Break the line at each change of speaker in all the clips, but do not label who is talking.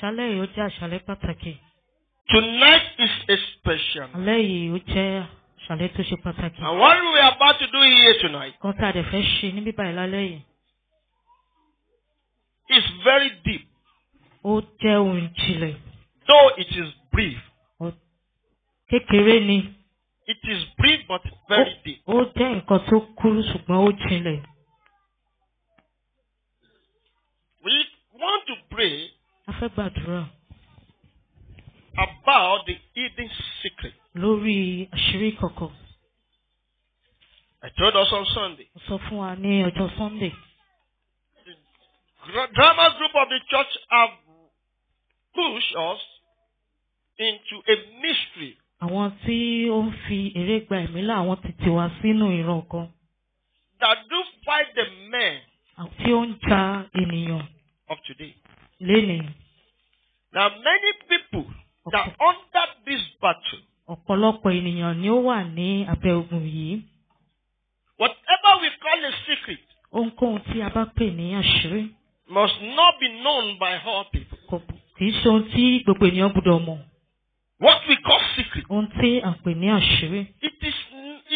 Àṣálẹ́ yìí ó jẹ́ àṣálẹ́ pàtàkì. Tonight is a special. Alẹ́ yìí ó jẹ́ àṣálẹ́ tó ṣe pàtàkì. And what
we are about to do here tonight.
Kan tá a dẹ̀ fẹ́ ṣe níbí báyìí lálẹ́ yìí.
It's very deep.
Ó jẹ́ ohun ìjìnlẹ̀.
Though it is brief.
Kékeré ni.
It is brief but very deep. Ó
jẹ́ nǹkan tó kúrú ṣùgbọ́n ó jinlẹ̀.
We want to pray
fẹ́ gbàdúrà.
About the hidden secret.
Lórí àṣírí kọ̀kọ̀.
I told us on Sunday.
Mo sọ fún wa ní ọjọ́ Sunday.
The drama group of the church have pushed us into a mystery.
Àwọn tí ó ń fi eré gba ẹ̀mí là àwọn ti tiwa sínú ìran kan.
That do fight the men. Àti ó ń ja ènìyàn. Of today. Lénìí. Now many people that under this battle.
Ọ̀pọ̀lọpọ̀ ènìyàn ni ó wà ní abẹ́ ogun yìí.
Whatever we call a secret.
Ohunkóhun tí a bá pè ní àṣírí.
Must not be known by all people.
Kò kì í ṣe tí gbogbo ènìyàn gbọ́dọ̀ mọ̀. What we call secret. Ohun tí a pè ní àṣírí.
It is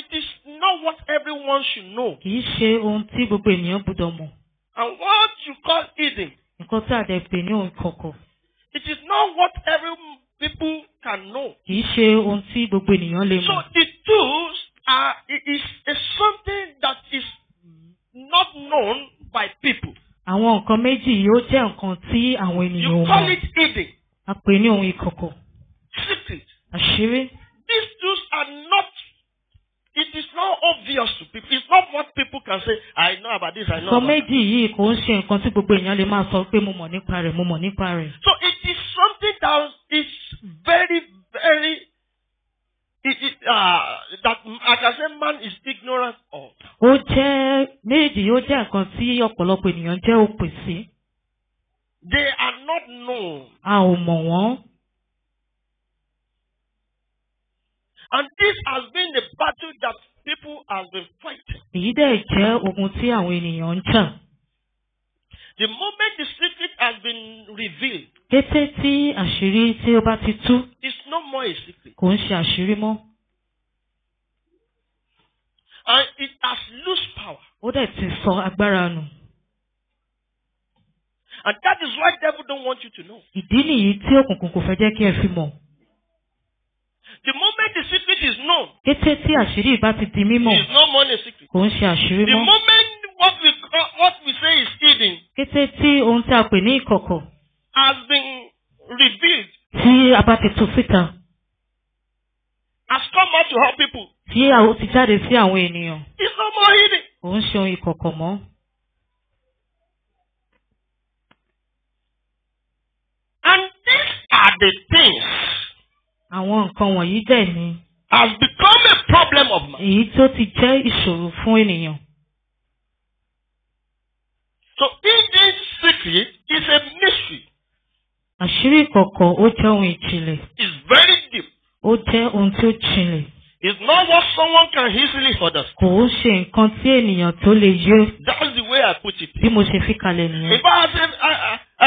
it is not what everyone should know.
Kì í ṣe ohun tí gbogbo ènìyàn gbọ́dọ̀ mọ̀.
And what you call hidden.
Nǹkan tí a dẹ̀ pè ní ohun kọ̀kọ̀.
It is not what every people can know. Kì í ṣe
ohun tí gbogbo ènìyàn lè mọ̀. So
the tools are is, is something that is not known by people.
Àwọn nǹkan méjì yóò jẹ́ nǹkan tí àwọn ènìyàn mọ̀. You call it hidden. A pè ní ohun ìkọ̀kọ̀. Secret. Àṣírí.
These tools are not It is not obvious to people. It's not what people can say, I know about this, I know. Sọ méjì
yìí kò ń ṣe nǹkan tí gbogbo èèyàn lè máa sọ pé mo mọ̀ nípa rẹ̀, mo mọ̀ nípa rẹ̀.
So it is something that is very very it, it, uh, ah, that I can say man is ignorant of.
Ó jẹ́ méjì yóò jẹ́ nǹkan tí ọ̀pọ̀lọpọ̀ ènìyàn jẹ́ òpè sí.
They are not known.
A ò mọ̀ wọ́n.
And this has been the battle that people have been fighting. The moment the secret has been revealed.
It's no more a secret.
And it has lost power. And that is why the devil don't want you to know.
Ìdí nìyí tí òkùnkùn kò fẹ́ jẹ́ kí ẹ fi mọ̀.
The moment the secret is known.
Kété tí àṣírí ìbá ti di mímọ̀. It is
no more a secret.
Kò ń ṣe àṣírí mọ́. The
moment what we what we say is hidden.
Kété tí ohun tí a pè ní ìkọ̀kọ̀.
Has been revealed.
Tí a bá ti tú síta.
Has come out to help people.
Tí ó ti jáde sí àwọn ènìyàn.
It's no more hidden.
Kò ń ṣe ohun ìkọ̀kọ̀ mọ́.
And these are the things.
Àwọn nǹkan wọ̀nyí dẹ̀ ni. Has become a problem of mine. Èyí tó ti jẹ́ ìṣòro fún ènìyàn.
So hidden secret is a mystery.
Àṣírí kọ̀kọ̀ ó jẹ́ ohun ìjìnlẹ̀. It's very deep. Ó jẹ́ ohun tó jìnlẹ̀.
It's not what someone can easily understand.
Kò ń ṣe nǹkan tí ènìyàn tó lè yé.
That's the way I put it. Bí mo
ṣe fi kalẹ̀ nìyẹn. In fact,
as a,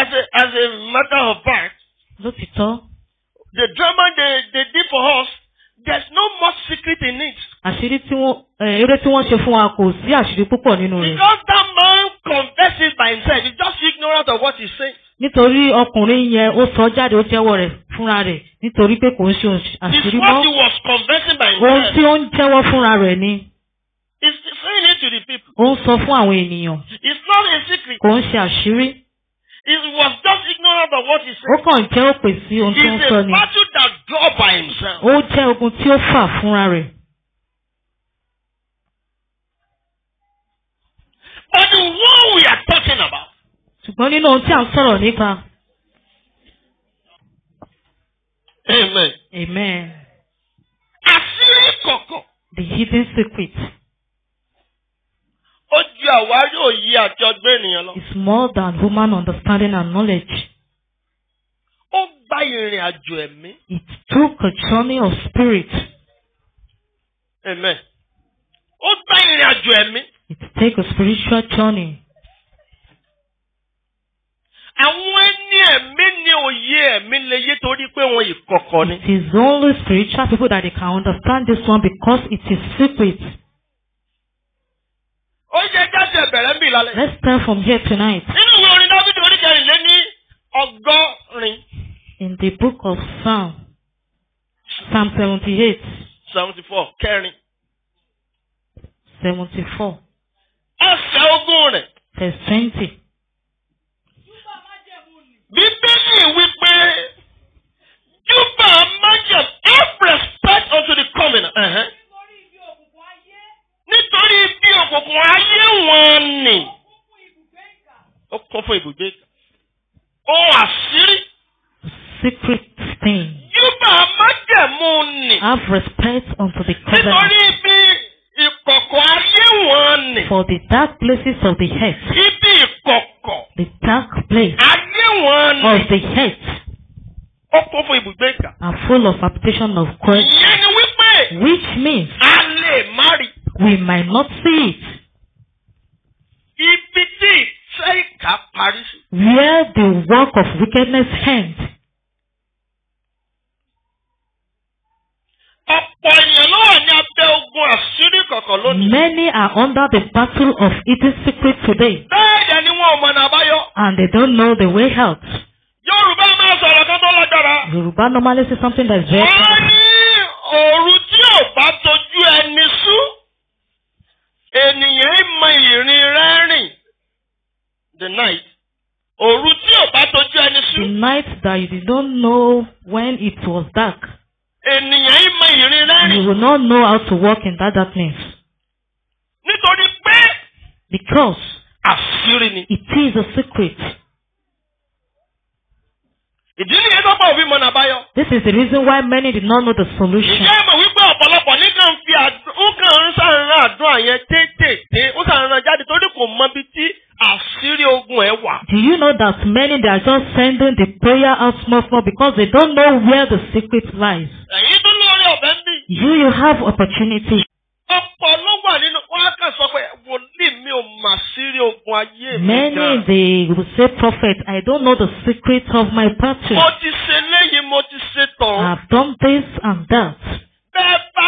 as a, as a matter of fact.
Lótìtọ́
the drama they, they did for us, there's no much secret in it.
Àṣírí tí wọ́n eh, eré tí wọ́n ṣe fún wa kò sí àṣírí púpọ̀ nínú rẹ̀.
Because that man confesses by himself, he's just ignorant of what he's saying.
Nítorí ọkùnrin yẹn ó sọ jáde ó jẹ́wọ́ rẹ̀ fúnra rẹ̀ nítorí pé kò ń ṣe àṣírí mọ́. what he
was confessing by himself. Ohun tí ó ń
jẹ́wọ́ fúnra rẹ̀ ni.
He's saying it to the people. Ó ń sọ fún àwọn ènìyàn. It's not a secret. Kò ń ṣe àṣírí. He was just ignorant of what he said. Ó kàn
jẹ́ òpè sí ohun tó ń sọ ni. He is a battle
that draw by himself. Ó
jẹ́ ogun tí ó fà fúnra rẹ̀.
But the we are talking about.
Ṣùgbọ́n nínú ohun tí à ń sọ̀rọ̀ nípa. Amen. Amen.
Àṣírí kọ̀kọ̀.
The hidden secret
ó ju àwárí òye àti ọgbẹ́ ènìyàn
lọ. is more than human understanding and knowledge.
ó gba ìrìn àjò ẹ̀mí. it
took a journey of spirit.
amen. ó gba ìrìn àjò ẹ̀mí.
it take a spiritual journey.
Àwọn ẹni ẹ̀mí ni òye ẹ̀mí lè yé torí pé wọn ìkọ̀kọ̀ ni.
It is only spiritual people that they can understand this one because it is secret. Let's start from here tonight. In the book of Psalm, Psalm seventy-eight. Seventy-four Seventy-four.
Ẹsẹ̀ ogún rẹ̀.
Verse twenty.
Bíbélì wípé Júbà májẹ̀ have respect unto the coming. Uh-huh
nítorí bí òkùnkùn ayé
wọn nì ó kún fún ibùgbé
ohun àṣírí.
secret thing.
yíba májẹ̀mú nì. have
respect unto the covenant. nítorí
bí ìkọ̀kọ̀ ayé wọn nì. for
the dark places of the head.
ibi ìkọ̀kọ̀.
the dark place. ayé
wọn nì. of the head. ó kún fún ibùgbé ìkà.
are full of habitation of Christ. ìyẹn ni wípé. which means.
a lè má rí
we might not see it.
Ibi tí ìfẹ́ ìkà parí
Where the work of wickedness ends. Many are under the battle of eating secret today. And they don't know the way out. Yorùbá normally says something that is very
ènìyàn mọ ìrìn rẹ́rìn the night. Òru tí ò bá tójú ẹni sú. The
night that you did not know when it was dark.
Ènìyàn mọ ìrìn rẹ́rìn. You will not know
how to walk in that darkness. Nítorí pé. Because. Àṣírí ni. It is a secret.
Ìdí nìyẹn tó òbí mọ̀nà báyọ̀.
This is the reason why many did not know the solution. Ǹjẹ́
ẹ wípé ọ̀pọ̀lọpọ̀ fi ó kàn ń sàrànràn àdúrà yẹn tètè ó sàrànràn jáde torí kò mọ ibi tí àṣírí ogun ẹ wà.
Do you know that many they are just sending the prayer out small small because they don't know where the secret lies?
Ẹ̀yin tó lórí ọ̀bẹ ń You you have opportunity. Ọ̀pọ̀ ló wà nínú wọn sọ pé wòlíì mi ò mà sírí ogun ayé mi Many
they will say prophet I don't know the secret of my battle. Mo ti ṣe
léyìí mo ti ṣe tán. I
have done this and that. Bẹ́ẹ̀ bá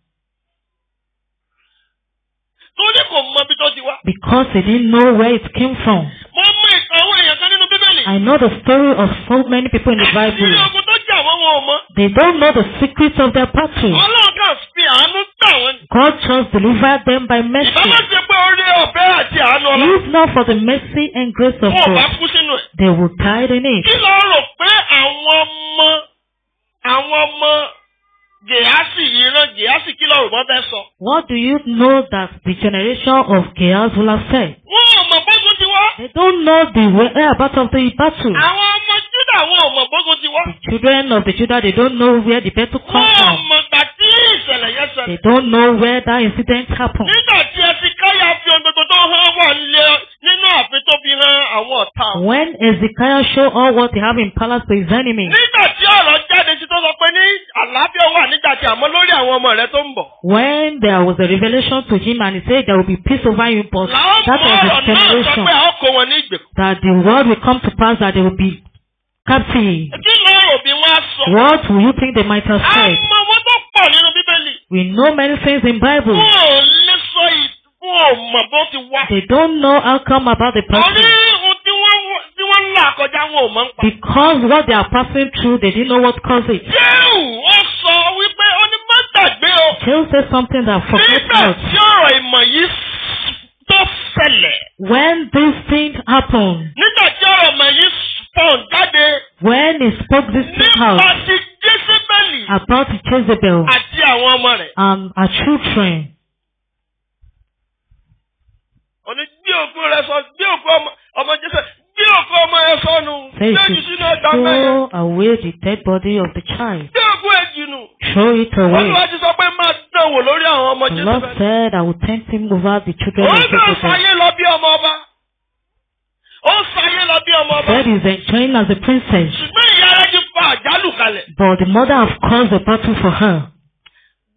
Torí kò mọ ibi tó ti wá.
Because they didn't know where it came from.
Mo mọ ìtàn àwọn èèyàn kan nínú Bíbélì.
I know the story of so many people in the Bible. Ìyá ogun
tó jà wọ́n wọn ò mọ.
They don't know the secrets of their battle.
Ọlọ́run kan fi àánú tà wọ́n.
God just delivered them by mercy. Ìbámu ti pé orí ọ̀fẹ́ àti àánú ọlọ́run. If not for the mercy and grace of God. Wọ́n bá kú sínú ẹ̀. They will die in it. Kí
ló rò pé àwọn ọmọ àwọn ọmọ. Gèhásì ìran Gèhásì kí lọ́rùn mọ́ bẹ́ẹ̀ sọ.
What do you know that the generation of Gehaz will have said?
Wọ́n ò mọ̀ bógun ti wá.
They don't know the where whereabouts of the battle.
Àwọn ọmọ Júdà wọn ò mọ̀ bógun ti wá. The
children of the Judah they don't know where the battle come from. Wọ́n ò
mọ̀ gbà tí ìṣẹ̀lẹ̀ yẹn ṣẹlẹ̀. They don't
know where that incident happened.
Nígbà tí ẹ ti káyà fi ohun gbogbo tó hàn wọ́n lé Nínú ààfin tó fi hàn àwọn ọ̀tá. When Ezekiel
show all what he have in palace to his enemy.
Nígbà tí ọ̀rọ̀ jáde sí tó sọ pé ní àlàáfíà wà nígbà tí àmọ́ lórí àwọn ọmọ rẹ̀ tó ń bọ̀.
When there was a revelation to him and he said there will be peace over you but that was his generation. Láwọn ọ̀rọ̀ náà sọ pé a ó wọn ní ìgbèkùn. That the word will come to pass that they will be captive. Kí ló rò bí wọ́n sọ? What will you think they might have said? Àmọ́
wọ́n tó pọ̀ nínú Bíbélì.
We know many things in Bible. Wọ́n
mọ̀ bó ti wá. They
don't know how come about the person. Orí
ohun tí wọ́n tí wọ́n là kọjá wọn ò mọ̀ ń pa.
Because what they are passing through they didn't know what caused it.
Jéhù ó sọ wípé ó ní má gbàgbé o.
Jéhù said something that forget not. Nígbà
tí ọ̀rọ̀ ìmọ̀ yìí tó ṣẹlẹ̀.
When this thing happened.
Nígbà tí ọ̀rọ̀ ìmọ̀ yìí pọ̀n jáde.
When he spoke this thing out. Nípa ti Jezebeli. About Jezebel.
Àti àwọn ọmọ rẹ̀. And her children ó gbé òkú rẹ sọ gbé òkú ọmọ Jésù gbé òkú ọmọ ẹ sọnù lójú sínú ọjà Throw
away the dead body of the child.
Gbé òkú ẹ jìnnú. Throw it away. Olúwa ti sọ pé máa dán wò lórí àwọn ọmọ Jésù. The Lord
said I will tempt him over the children of Jacob. Ó ń sàyé
lọ bí ọmọ ọba. Ó ń sàyé lọ bí ọmọ ọba. God is
enjoying as a princess. Ṣùgbọ́n
ìyá rẹ̀ ti fa àjálù kalẹ̀. But the mother
has caused a battle for her.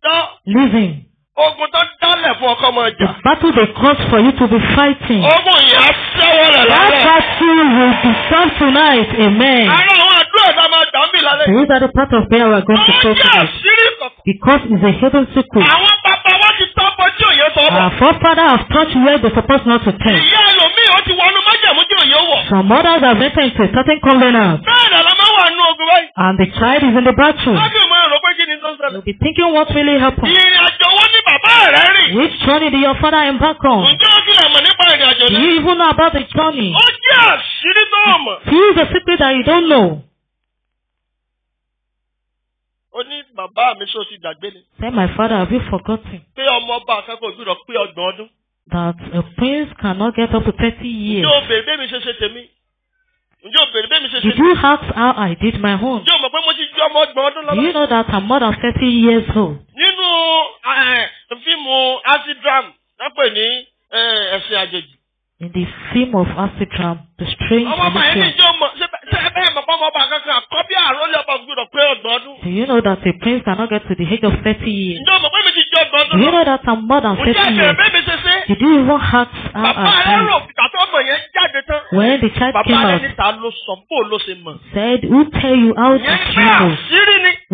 Dán. Living.
Ogun tó dálẹ̀ fún ọkọ máa jà. The battle they
cause for you to be fighting. Ogun
yìí á rẹ̀ lálẹ́. That
battle will be solved tonight, amen. Ara àwọn àdúrà
tá a máa dà ń lálẹ́. These are the
part of prayer we are going to talk about. Because it's a hidden secret. Àwọn
bàbá wa ti tọ́ bọ́jú òye sọ́wọ́. Our
forefathers have touched where they supposed not to touch.
Ìyá ẹlòmíì ó ti wọnú májàmú jẹ́ òye wọ̀. Some
mothers have entered into a certain covenant.
Bẹ́ẹ̀ ni àlámọ́ wà nù ogun báyìí.
And the child is in the battle. Wọ́n fi
mọ pé ni You'll be
thinking what really happened. Which journey did your father embark on?
Do you even
know about the journey? Oh
yes, àṣírí tó o mọ̀. He
is a secret that you don't know.
Ó bàbá mi ṣó ti dàgbé ni.
Say my father have you forgotten?
Pé ọmọ ọba akẹ́kọ̀ọ́ gbúdọ̀ pé ọgbọ̀n ọdún.
That a prince cannot get up to thirty years.
Ṣé o mi ṣe ṣe tèmi? Ǹjẹ́ o bẹ́ẹ̀ mi ṣe ṣe? Did you
ask how I did my own? Ǹjẹ́
o pé mo ti ju ọmọ ọgbọ̀n ọdún lọ́wọ́? Do
you know that I'm more than thirty years old?
Nínú eh, fíìmù Asidram wọ́n pè ní eh, ẹ̀sìn àjèjì.
In the film of Asidram, The Strange Religion. Ọmọ ọmọ ẹni
jẹ́ ọmọ Do
you know that a prince cannot get to the age of thirty years? Do
you know that I'm more than thirty years? Did you even
ask how uh, uh, um,
When the child came out.
Said who tell you how to feel?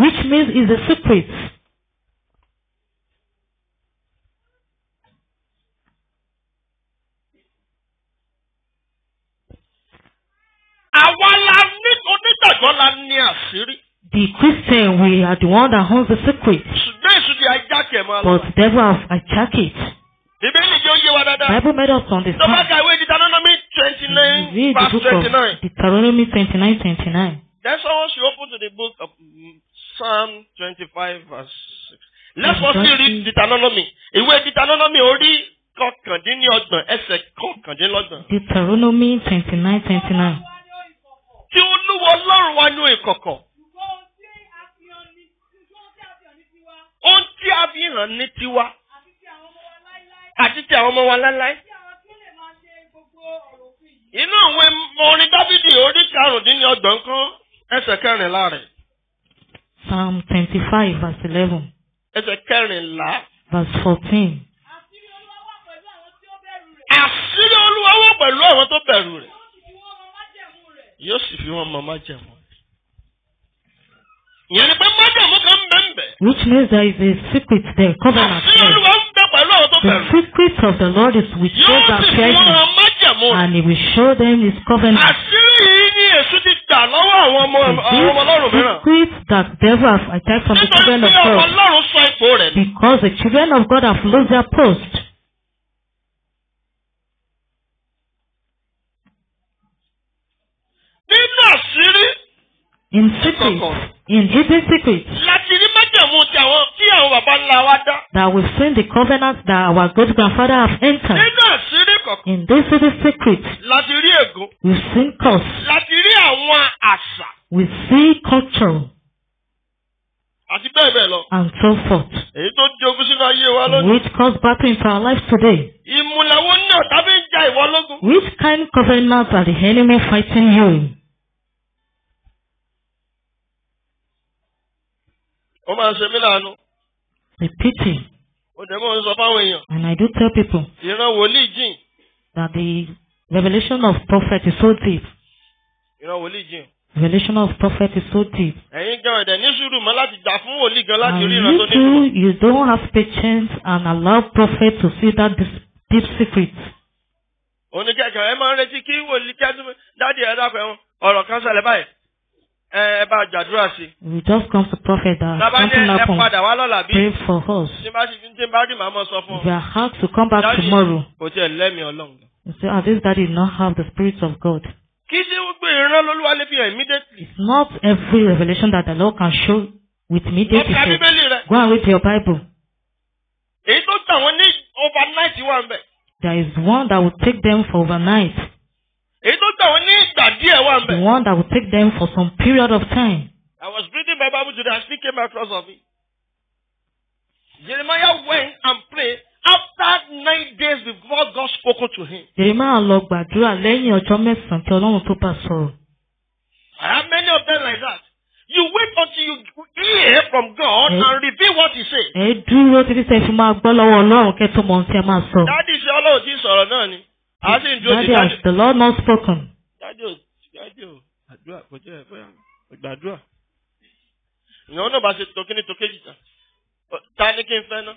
Which means it's a secret. The Christian we are the one that holds the secret.
But the devil has
hijacked it.
Bible made us understand. Tó bá ka ìwé Deuteronomy twenty nine verse twenty nine.
Deuteronomy twenty nine twenty nine.
Then someone should open to the book of Psalm twenty-five verse six.
Let's firstly read
Deuteronomy. Ìwé Deuteronomy orí kọkàndínlọ́gbọ̀n ẹsẹ̀ kọkàndínlọ́gbọ̀n.
Deuteronomy twenty nine twenty nine.
ti olúwa ọlọ́run wa ní ìkọ̀kọ̀. ohun tí a fi hàn ní tiwa àti ti àwọn ọmọ wa láláì. inú àwọn orin dábìdì orí karùndínlọ́gbọ̀n kan ẹsẹ̀ kẹrìnlá rẹ̀.
Psalm twenty-five verse eleven.
Ẹsẹ̀ kẹrìnlá.
Verse fourteen. Àṣírí olúwa wà pẹ̀lú
àwọn tó bẹ̀rù rẹ̀. Àṣírí olúwa wà
pẹ̀lú àwọn tó bẹ̀rù rẹ̀ yóò sì fi wọn mọ májẹ̀mú. ìyẹn ni pé májẹ̀mú
kan ń bẹ̀ which means there is a secret there covenant there. àṣírí olúwa ń bẹ pẹ̀lú àwọn bẹ̀rù. the secret of the Lord is with those that fear him. yóò sì fi wọn májẹ̀mú. and he will show them his covenant.
àṣírí yìí ni èṣù ti gbà lọ́wọ́ àwọn ọmọ ọlọ́run mìíràn. the
secret that devil have attacked from the children of God. nítorí pé ọmọ ọlọ́run sọ ipò rẹ̀. because the children of God have lost their post.
nínú àṣírí. in secret
in hidden secret.
láti rí májẹ̀mú tí àwọn tí àwọn bàbá ńlá wa dá.
that we seen the covenant that our great grandfather have entered. nínú
àṣírí kọ̀ọ̀kan.
in this hidden secret.
láti rí ègún.
we seen curse.
láti rí àwọn àṣà.
we see culture
àti bẹ́ẹ̀ bẹ́ẹ̀ lọ. and so forth. èyí tó jogún sínú ayé wa lónìí. which
cause battle into our lives today.
ìmùlẹ̀wò náà tàbí ń ja ìwọ lógun. which
kind covenant are the enemy fighting you?
ó máa ń ṣe mí láàánú. the pity. dẹ̀ mọ́ ń sọ fáwọn èèyàn. and I do tell people. ìran wòlíì jìn.
that the revelation of prophet is so deep.
ìran wòlíì jìn.
Revelation of prophet is so deep.
Ẹ̀yin gan ẹ̀dẹ̀ ní sùúrù mọ́ láti gbà fún wòlíì gan láti rí ìran tó ní And you
too, you don't have patience and allow prophet to see that deep secret.
Oníkẹ́kẹ́ ẹ máa ń retí kí wòlíì kẹ́dùn dáàdi ẹ̀dá pẹ̀lú ọ̀rọ̀ kan ṣẹlẹ̀ báyìí ẹ bá jàdúrà sí.
we just come to prophet that uh, something happen pray for us.
tí we are asked to come back tomorrow. kò tiẹ̀ lẹ́mìí ọlọ́run.
you say ah this daddy no have the spirit of God.
kì í ṣe gbogbo ìran lolúwa lè fi hàn immediately. it's
not every revelation that the Lord can show with immediate effect. go and read your Bible.
èyí tó gbà wọ́n ní overnight wà ń bẹ̀.
there is one that will take them for overnight.
èyí tó gbà wọ́n ní the
one that will take them for some period of time.
I was reading my Bible today I still came across of it. Jeremiah went and prayed after nine days before God spoke to him.
Jeremiah lọ gbàdúrà lẹ́yìn ọjọ́ mẹ́sàn-án tí Ọlọ́run tó bá sọ̀rọ̀.
I have many of them like that. You wait until you hear from God eh, and reveal what he says.
Ẹ dúró títí sẹ́ fi máa gbọ́ lọ́wọ́ Ọlọ́run kẹ́ tó ohun tí ẹ máa sọ.
Dádì ṣe Ọlọ́run ti sọ̀rọ̀ náà ni. dádì. has the
Lord not spoken.
dájú dájú àdúrà kọjá ẹ̀ bóyá gbàdúrà. ìyàwó náà bá ṣe tọkíní tọkéjì tán ta ni kí n fẹ́ ná.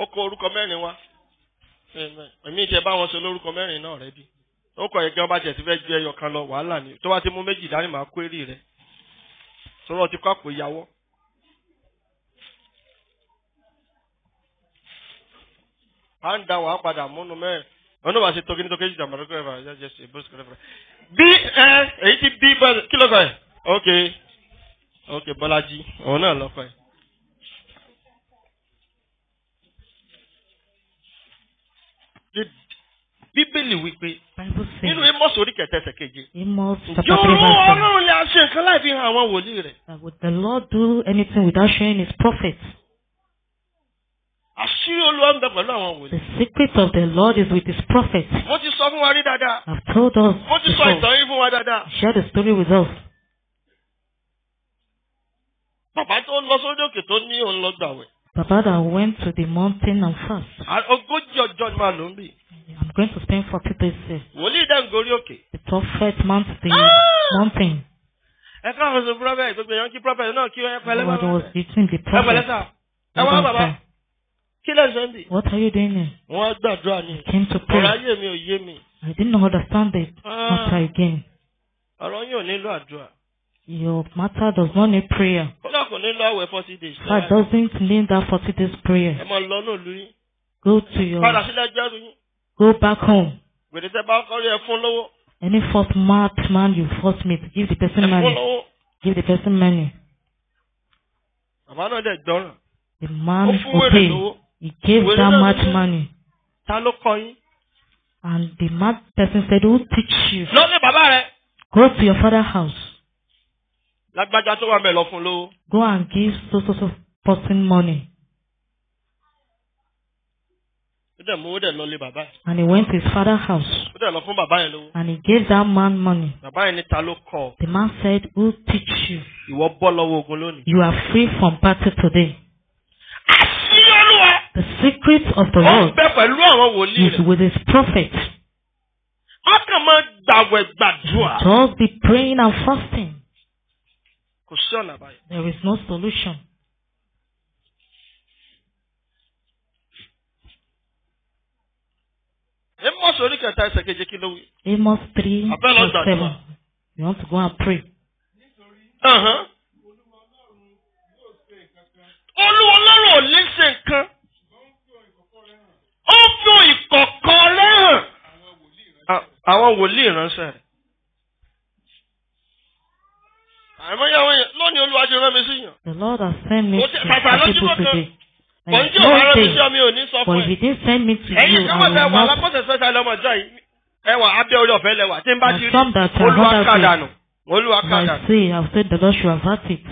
ó kọ orúkọ mẹ́rin wá èmi ìṣe bá wọn ṣe lórúkọ mẹ́rin náà rẹ bí ó kọ yẹ kí fẹ́ ju rẹ ti kọ́ àpò ìyàwó. à ń da ọ̀nà wàá ṣe tọ́gí ní tọ́gí ìjàmbá lọ́kọ̀ ẹ̀fà yá jẹ́ ṣe bó ṣe kọ́ lẹ́fà. bí ẹ èyí ti bí bẹ́ẹ̀ kí lọ́kọ̀ ẹ̀ ok ok Bọ́lájí òun náà lọ́kọ̀ ẹ̀. bíbélì wípé nínú Amos orí kẹtẹsẹ keje
yòówó Ọlọ́run
lè ṣe nǹkan láì àwọn wòlíì rẹ̀. that
would the Lord do anything without showing his prophets.
The
secret of the Lord is with his prophets. I've told us before. Share the story with us.
Papa tó lọ sórí òkè tó ní òun
that went to the mountain and fast.
I'm going
to spend forty days here.
The
prophet mount the ah! mountain.
Ẹ káàbọ̀ sí prophet gbogbo èèyàn kí prophet
the prophet. Kí ló What are you doing here?
Wọ́n gbàdúrà ni. I came to pray. Ọ̀rọ̀ ayé mi ò yé mi.
I didn't understand it. Ah. Try again.
Ọ̀rọ̀ yín nílò àdúrà.
Your matter does not need prayer.
Kódà kò nílò àwẹ̀ forty days. God doesn't need that forty days prayer. Ẹ máa lọ náà lórí.
Go to your. Padà
sílẹ̀ jẹ́rù yín.
Go back home.
Gbèdé tẹ́ bá kọ́rí ẹ fún lówó.
Any fourth mad man you force me to give the person money. Give the person money.
Bàbá náà dẹ̀ gbọ́ràn.
The man obey. Ó fún wèrè lówó. He gave Where that much money.
And
the mad person said, who teach you? Go to your father's house.
Go
and give so so so person money.
And he went to his father's house. And
he gave that man money.
The man
said, who teach you?
You are
free from party today.
The secret of the Lord. Is with
his prophet. Just be praying and fasting. There is no solution.
Amos orí kẹta
three verse seven. You want to go and pray.
Uh Olúwa Ọlọ́run ò lè ṣe nǹkan kọ̀ọ̀kan lẹ́hàn
àwọn wòlíì ìránṣẹ́ rẹ̀. àìmọye àwọn èèyàn olúwa ti rán sí yàn.
the lord has sent me to your people today.
Mo ń jẹ́ òwúrọ̀ mi sí ọmi òní sọ fún ẹ. But if he
didn't send me to you, I will not. Ẹyin tí wọ́n fẹ́ wà
lápọ̀sẹ̀ sẹ́sẹ̀ lọ́mọ ìjọ yìí. Ẹwà abẹ́ orí ọ̀fẹ́ lẹ́wà tí ń bá ti rí. Olúwa kàdánù. Olúwa kàdánù. I say
I said the Lord should avert it.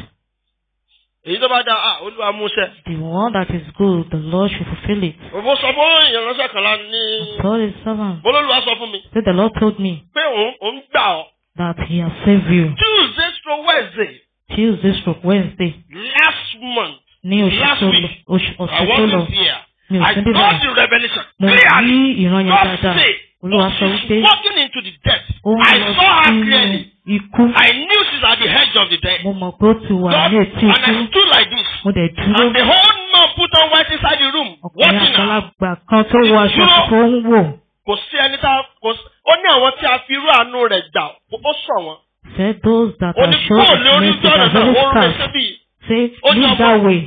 Èyí tó bá da a ah, Olúwa mú The
one that is good, the Lord should fulfil it.
Òbó sọ fún ìránṣẹ́ kan lá ní.
I told his servant.
Olólùwà sọ fún mi.
Say the Lord told me.
Pé òun òun gbà ọ́.
That he has saved you.
Tuesday stroke Wednesday.
Tuesday stroke Wednesday.
Last month. Ní oṣù tó
lọ. Oṣù tó lọ. I want to hear. Mi I got the
revelation. Mo rí
ìran yẹn dáadáa. God say. Olúwa sọ wípé.
walking into the death.
Òun lọ sínú ikú. I knew she's at the edge of the death. Mo mọ̀ pé ó ti wà ní etí ikú. And I stood like this. Mo dẹ̀ dúró. And the whole
man put on white inside the room. Ọkùnrin
àgbàlagbà kan tó wọ aṣọ tó ń wò.
Kò sí ẹni tá kò sí. Ó ní àwọn tí a fi irú àánú rẹ̀ gbà. Ó sọ wọn.
Said those that are sure of the mercy of the Holy Spirit. Say, leave that way.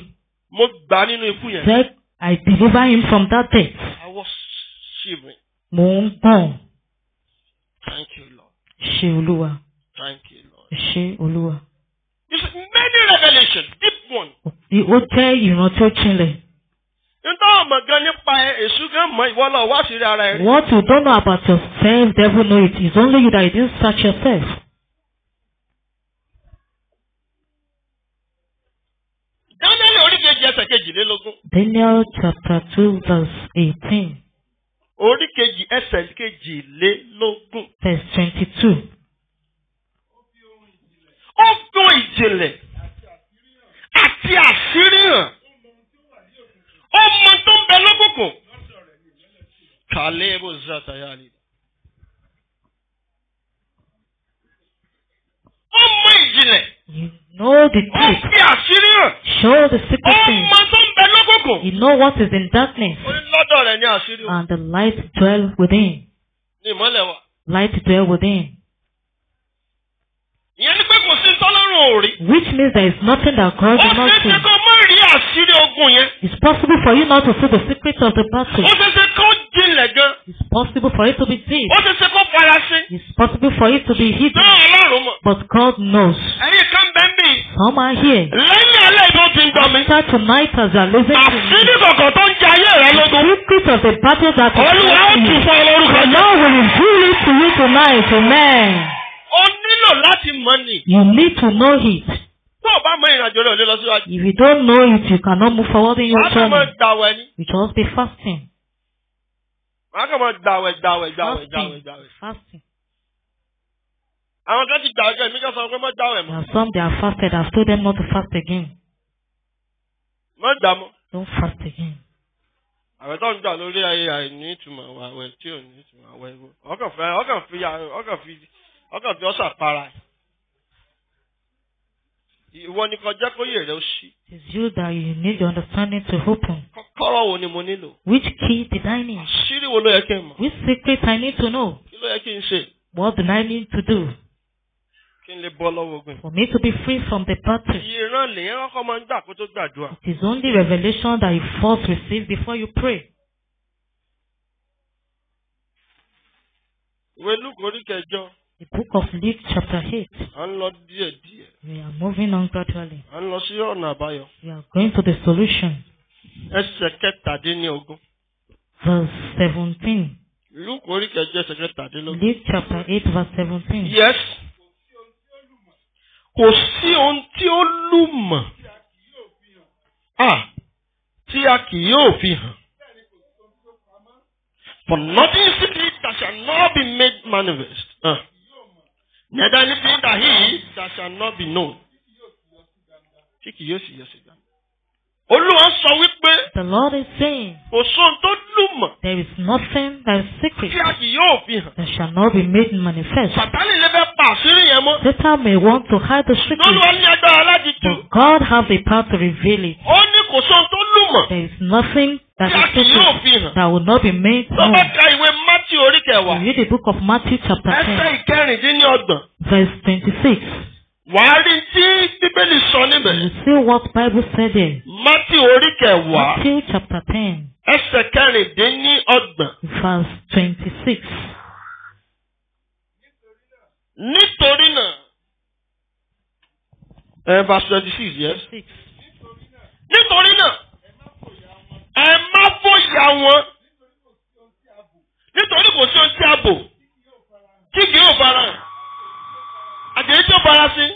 Mo gbà nínú ikú yẹn. Said,
I deliver him from that death.
I was shivering.
Mò ń tàn.
Thank you, Lord.
Ṣé Olúwa. Thank you, Lord. Ṣé Olúwa.
many revelations, deep one.
Ó jẹ́ ìran tó jinlẹ̀.
Ntọ́ ọmọ gan nípa èṣù gan mọ ìwọ lọ wá sí ara rẹ. What
you don't know about yourself, devil know it. It's only you that you didn't search yourself. Daniel chapter two verse eighteen
orí kejì ẹsẹ̀ kejìlélógún. verse twenty two. ó gbọ́n ìjìnlẹ̀ àti àṣírí hàn ó mọ tó ń bẹ lókùnkùn. kàlẹ́ bó zàtà ni.
ó mọ ìjìnlẹ̀. You
know the truth.
Show the secret things.
You know what is in darkness. And the light dwell within. Light dwell within. Which means there is nothing that God will not It's possible for you not to see the secrets of the battle jinlẹ̀ gan. it's possible for it to be seen. ó
ti ṣe kó fara sí.
it's possible for it to be hidden. náà ọlọ́run mọ̀. but God knows.
ẹ̀yin kan bẹ́ẹ̀
mi. some are here. lẹ́yìn alẹ́ ìbò ti ń gbọ́ mi. after tonight as you are listening to me.
àṣírí kọ̀kọ̀ tó ń jẹ rẹ lógún. the
secret of the battle that is. olúwa ó tù fún ọlọ́run. the Lord will reveal it to you tonight amen.
o nílò láti mọ̀ ni.
you need to know it.
Tó o bá mọ ìrìnàjò rẹ̀ ò lè lọ síwájú.
If you don't know it, you cannot move forward in your journey. Wàá tó mọ ìgbàwẹ̀ ni. You just be fasting
màá kàn máa gbàwẹ̀ gbàwẹ̀ gbàwẹ̀ gbàwẹ̀ gbàwẹ̀. àwọn kan ti gbàwẹ̀ èmi kan sọ pé má gbàwẹ̀ mọ́. and some they are
fasted I told them not to fast again. má gbà mọ́. don't fast again.
àwẹ̀ tó ń gbà lórí ayé àìní ìtumọ̀ àwẹ̀ tí ò ní ìtumọ̀ àwẹ̀ ọkàn fi ọkàn fi ọkàn fi ọṣà para ẹ̀. It's
you that you need the understanding to open. Which key did I need? Which secret I need to know? What do I need to do? For me to be free from the battle. It is only revelation that you first receive before you pray.
Ìwé Lúkù orí kẹjọ.
The book of Luke chapter 8. We are moving on gradually.
We are going
to the solution. Verse seventeen. Luke chapter eight verse seventeen. Yes. Kò
sí
ohun tí ó lù Ah! Tí a kì yóò fi hàn. For nothing is secret that shall not be made manifest. Uh yẹn dá ní fi ń dà yìí that shall not be known. tí wípé. The Lord
is saying. Kò sóhun tó lùmọ̀. There is nothing that is secret. Tí a kì yóò fi hàn. That shall not be made manifest. Sàtánì lè fẹ́ pa àṣírí yẹn mọ́. Satan may want to hide the secret. Lọ́lọ́
ní agbára láti But
God has the power to reveal it. Ó ní kò sóhun tó lùmọ̀. There is nothing that is secret that will not be made known. Lọ́bẹ̀ ka ìwé má orí kẹwàá. Read the book of Matthew chapter ten. Ẹsẹ̀
ìkẹrìndínlọ́gbọ̀n.
Verse twenty-six.
Wàá rí tí Bíbélì sọ níbẹ̀. You
see what Bible said there.
Matthew orí kẹwàá. Matthew
chapter ten.
Ẹsẹ̀ kẹrìndínlọ́gbọ̀n.
Verse twenty-six.
Nítorí náà. Ẹ verse twenty-six yes. Nítorí náà. Ẹ má fòyà wọn. Ẹ má fòyà wọn nítorí kò sí ohun tí a bò kí kì yóò fara hàn tí ó fara sí.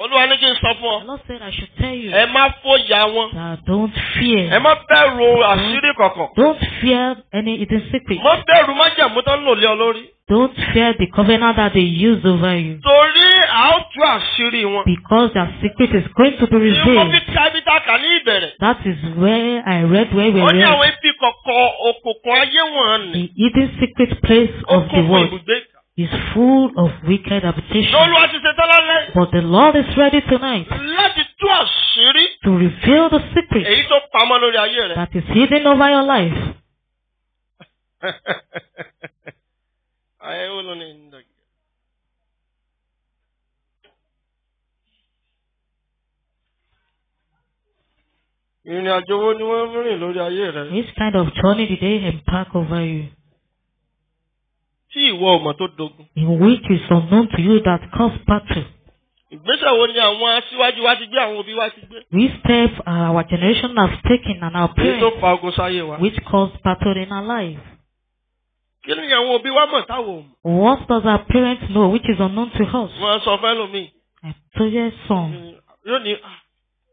Olúwa ní kí n sọ fún ọ. said I should tell you. Ẹ má fòyà wọn.
don't fear. Ẹ má bẹ̀rù àṣírí kọ̀kọ̀. Don't fear any hidden secret.
bẹ̀rù májẹ̀mú tó ń lò lé ọ lórí.
Don't fear the covenant that they use over you. Torí Because their secret is going to be revealed. That is where I read where we read. The hidden secret place of the world is full of wicked habitation. But the Lord is ready tonight to reveal the secret
that is hidden
over your life.
Ìrìn àjò wo ni wọ́n rìn lórí ayé rẹ? Which
kind of journey did they embark over you?
Tí ìwọ ọmọ tó dogun.
In which is unknown to you that comes battle.
Ìgbésẹ̀ wo ni àwọn aṣíwájú wa ti gbé àwọn òbí wa ti gbé?
Which step our generation has taken and our parents? Èyí tó
fa ogun sáyé wa. Which
caused battle in our life?
Kí ni àwọn òbí wa mọ̀ táwọn ò mọ̀?
What does our parents know which is unknown to us?
Wọ́n sọ fẹ́ lómi.
Àtúnyẹ̀ sàn.
Yóò ní.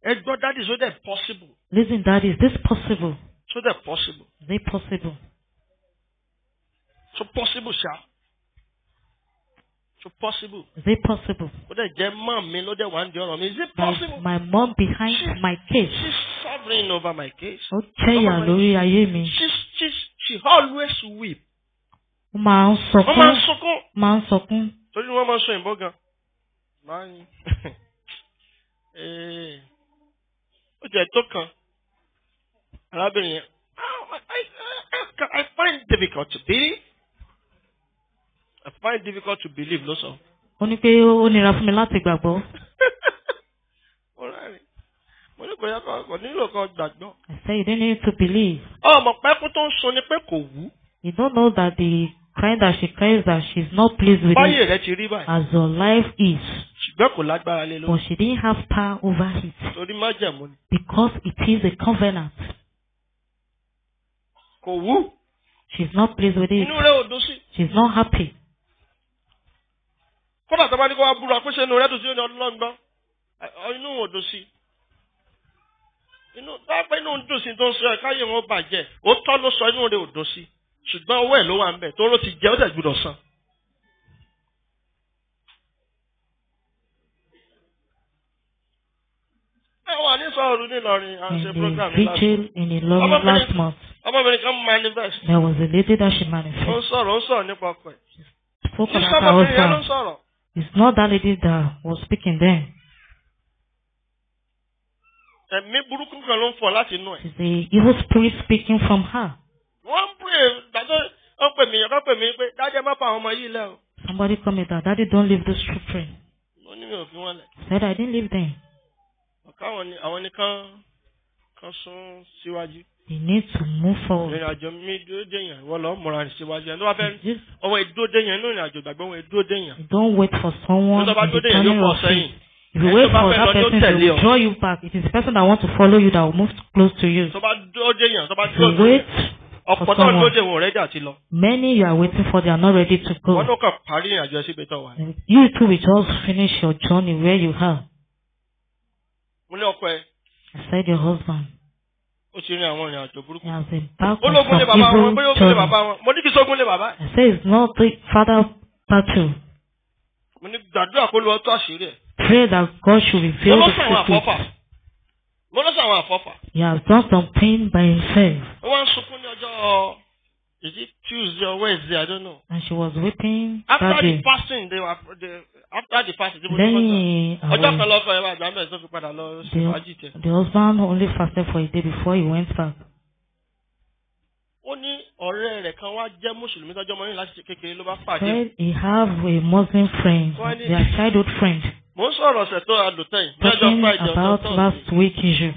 And God, that is whether possible.
Listen, Daddy, is this possible.
So that possible?
Is it possible.
So possible, sir. So possible.
Is it possible? Is
it possible? My, my mom behind she's, my case. She's sovereign over my case.
Ó jẹ́ ìyá lórí I mi.
She's, she's, she always weep.
Ó máa ń sọkún. Ó máa ń sọkún. Máa ń sọkún.
Torí wọ́n máa ń sọ ìbọn gan. Máa ń. Eh, ó jẹ́ tó kan arábìnrin yẹn I find difficult to believe I find difficult to believe ló sọ.
ó ní pé ó nira fún mi láti gbàgbọ́.
mo rà mo ní kò yá kò nílò kan gbàgbọ́.
I say you don't need to believe.
ọmọ pẹ́kú tó ń sọ ni pé kò wú.
You don't know that the crying that she cries that she's not pleased with it as her life is.
But she
didn't have power over
it.
Because it is a covenant. She's not pleased with it. She's not happy.
Kọ́dà know bá ní kó wá búra pé ṣe inú rẹ̀ dùn sí ọ̀nà ọlọ́run gbọ́. Inú ò dùn sí. Inú tó ṣùgbọ́n owó ẹ̀ ló wà ń bẹ̀ tóró ti jẹ́ ó dẹ̀ gbúdọ̀ san. ẹ wà ní sọ́ọ̀rù nílọrin à ṣe program ní last month. ọmọbìnrin kan manifest.
there was a lady that she manifest. ó ń
sọ̀rọ̀ ó ń sọ̀rọ̀ nípa ọkọ ẹ̀.
spoke about her husband. it's not that lady that was speaking then.
ẹ̀mí burúkú kan ló ń fọ̀ láti inú ẹ̀. it's
the evil spirit speaking from her
wọ́n ń pè dájọ́ wọ́n pè mí ọ̀kan pè mí pé dájọ́ má pa àwọn ọmọ yìí lẹ́ o.
somebody call me that daddy don't leave those children.
mo ní mi ò fi wọn lẹ.
said I didn't leave them.
ọ̀ka àwọn nìkan kan sún síwájú.
You need to move forward. Ìrìn
àjò mi dúró déyàn, ìwọ lọ múra síwájú. Ẹni tó bá fẹ́ ọwọ́ ìdúró déyàn inú ìrìn àjò ìgbàgbọ́ wọn ìdúró déyàn.
Don't wait for someone to be turning your feet. If you wait for that person to draw you back, it is the person that wants to follow you that will move close to you.
If you wait ọ̀pọ̀ náà
many you are waiting for they are not ready to go.
you too will just
finish your journey where you are.
I
said your husband.
ó ti rin àwọn ìrìn àjò burúkú. he
has been back on some lè bàbá wọn bóyá lè bàbá
wọn mo ní kí sógun lè bàbá. I say it's
not the father battle.
mo ní gbàdúrà kó lọ tó àṣírí ẹ.
pray that God should reveal the secret. olóṣèlú àfọ́fà
mo lọ sí àwọn àfọ́fà.
he has done some pain by himself.
ó wá ń sunkún ní ọjọ́ is it Tuesday or Wednesday I don't know.
and she was weeping that after day. after the
fasting they were they, after the fasting.
lẹ́yìn àwọn ọjọ́ uh, kan
lọ́kọ̀ ẹ̀ wá àgbà mẹ́rin tó fi padà lọ sí wájú tẹ. the husband
only fasted for a day before he went back.
ó ní ọ̀rẹ́ rẹ̀ kan wá jẹ́ mùsùlùmí tọ́jú ọmọ yìí láti kékeré ló bá pàdé. said
he have a Muslim friend their childhood friend
mo ń talking about last week issue.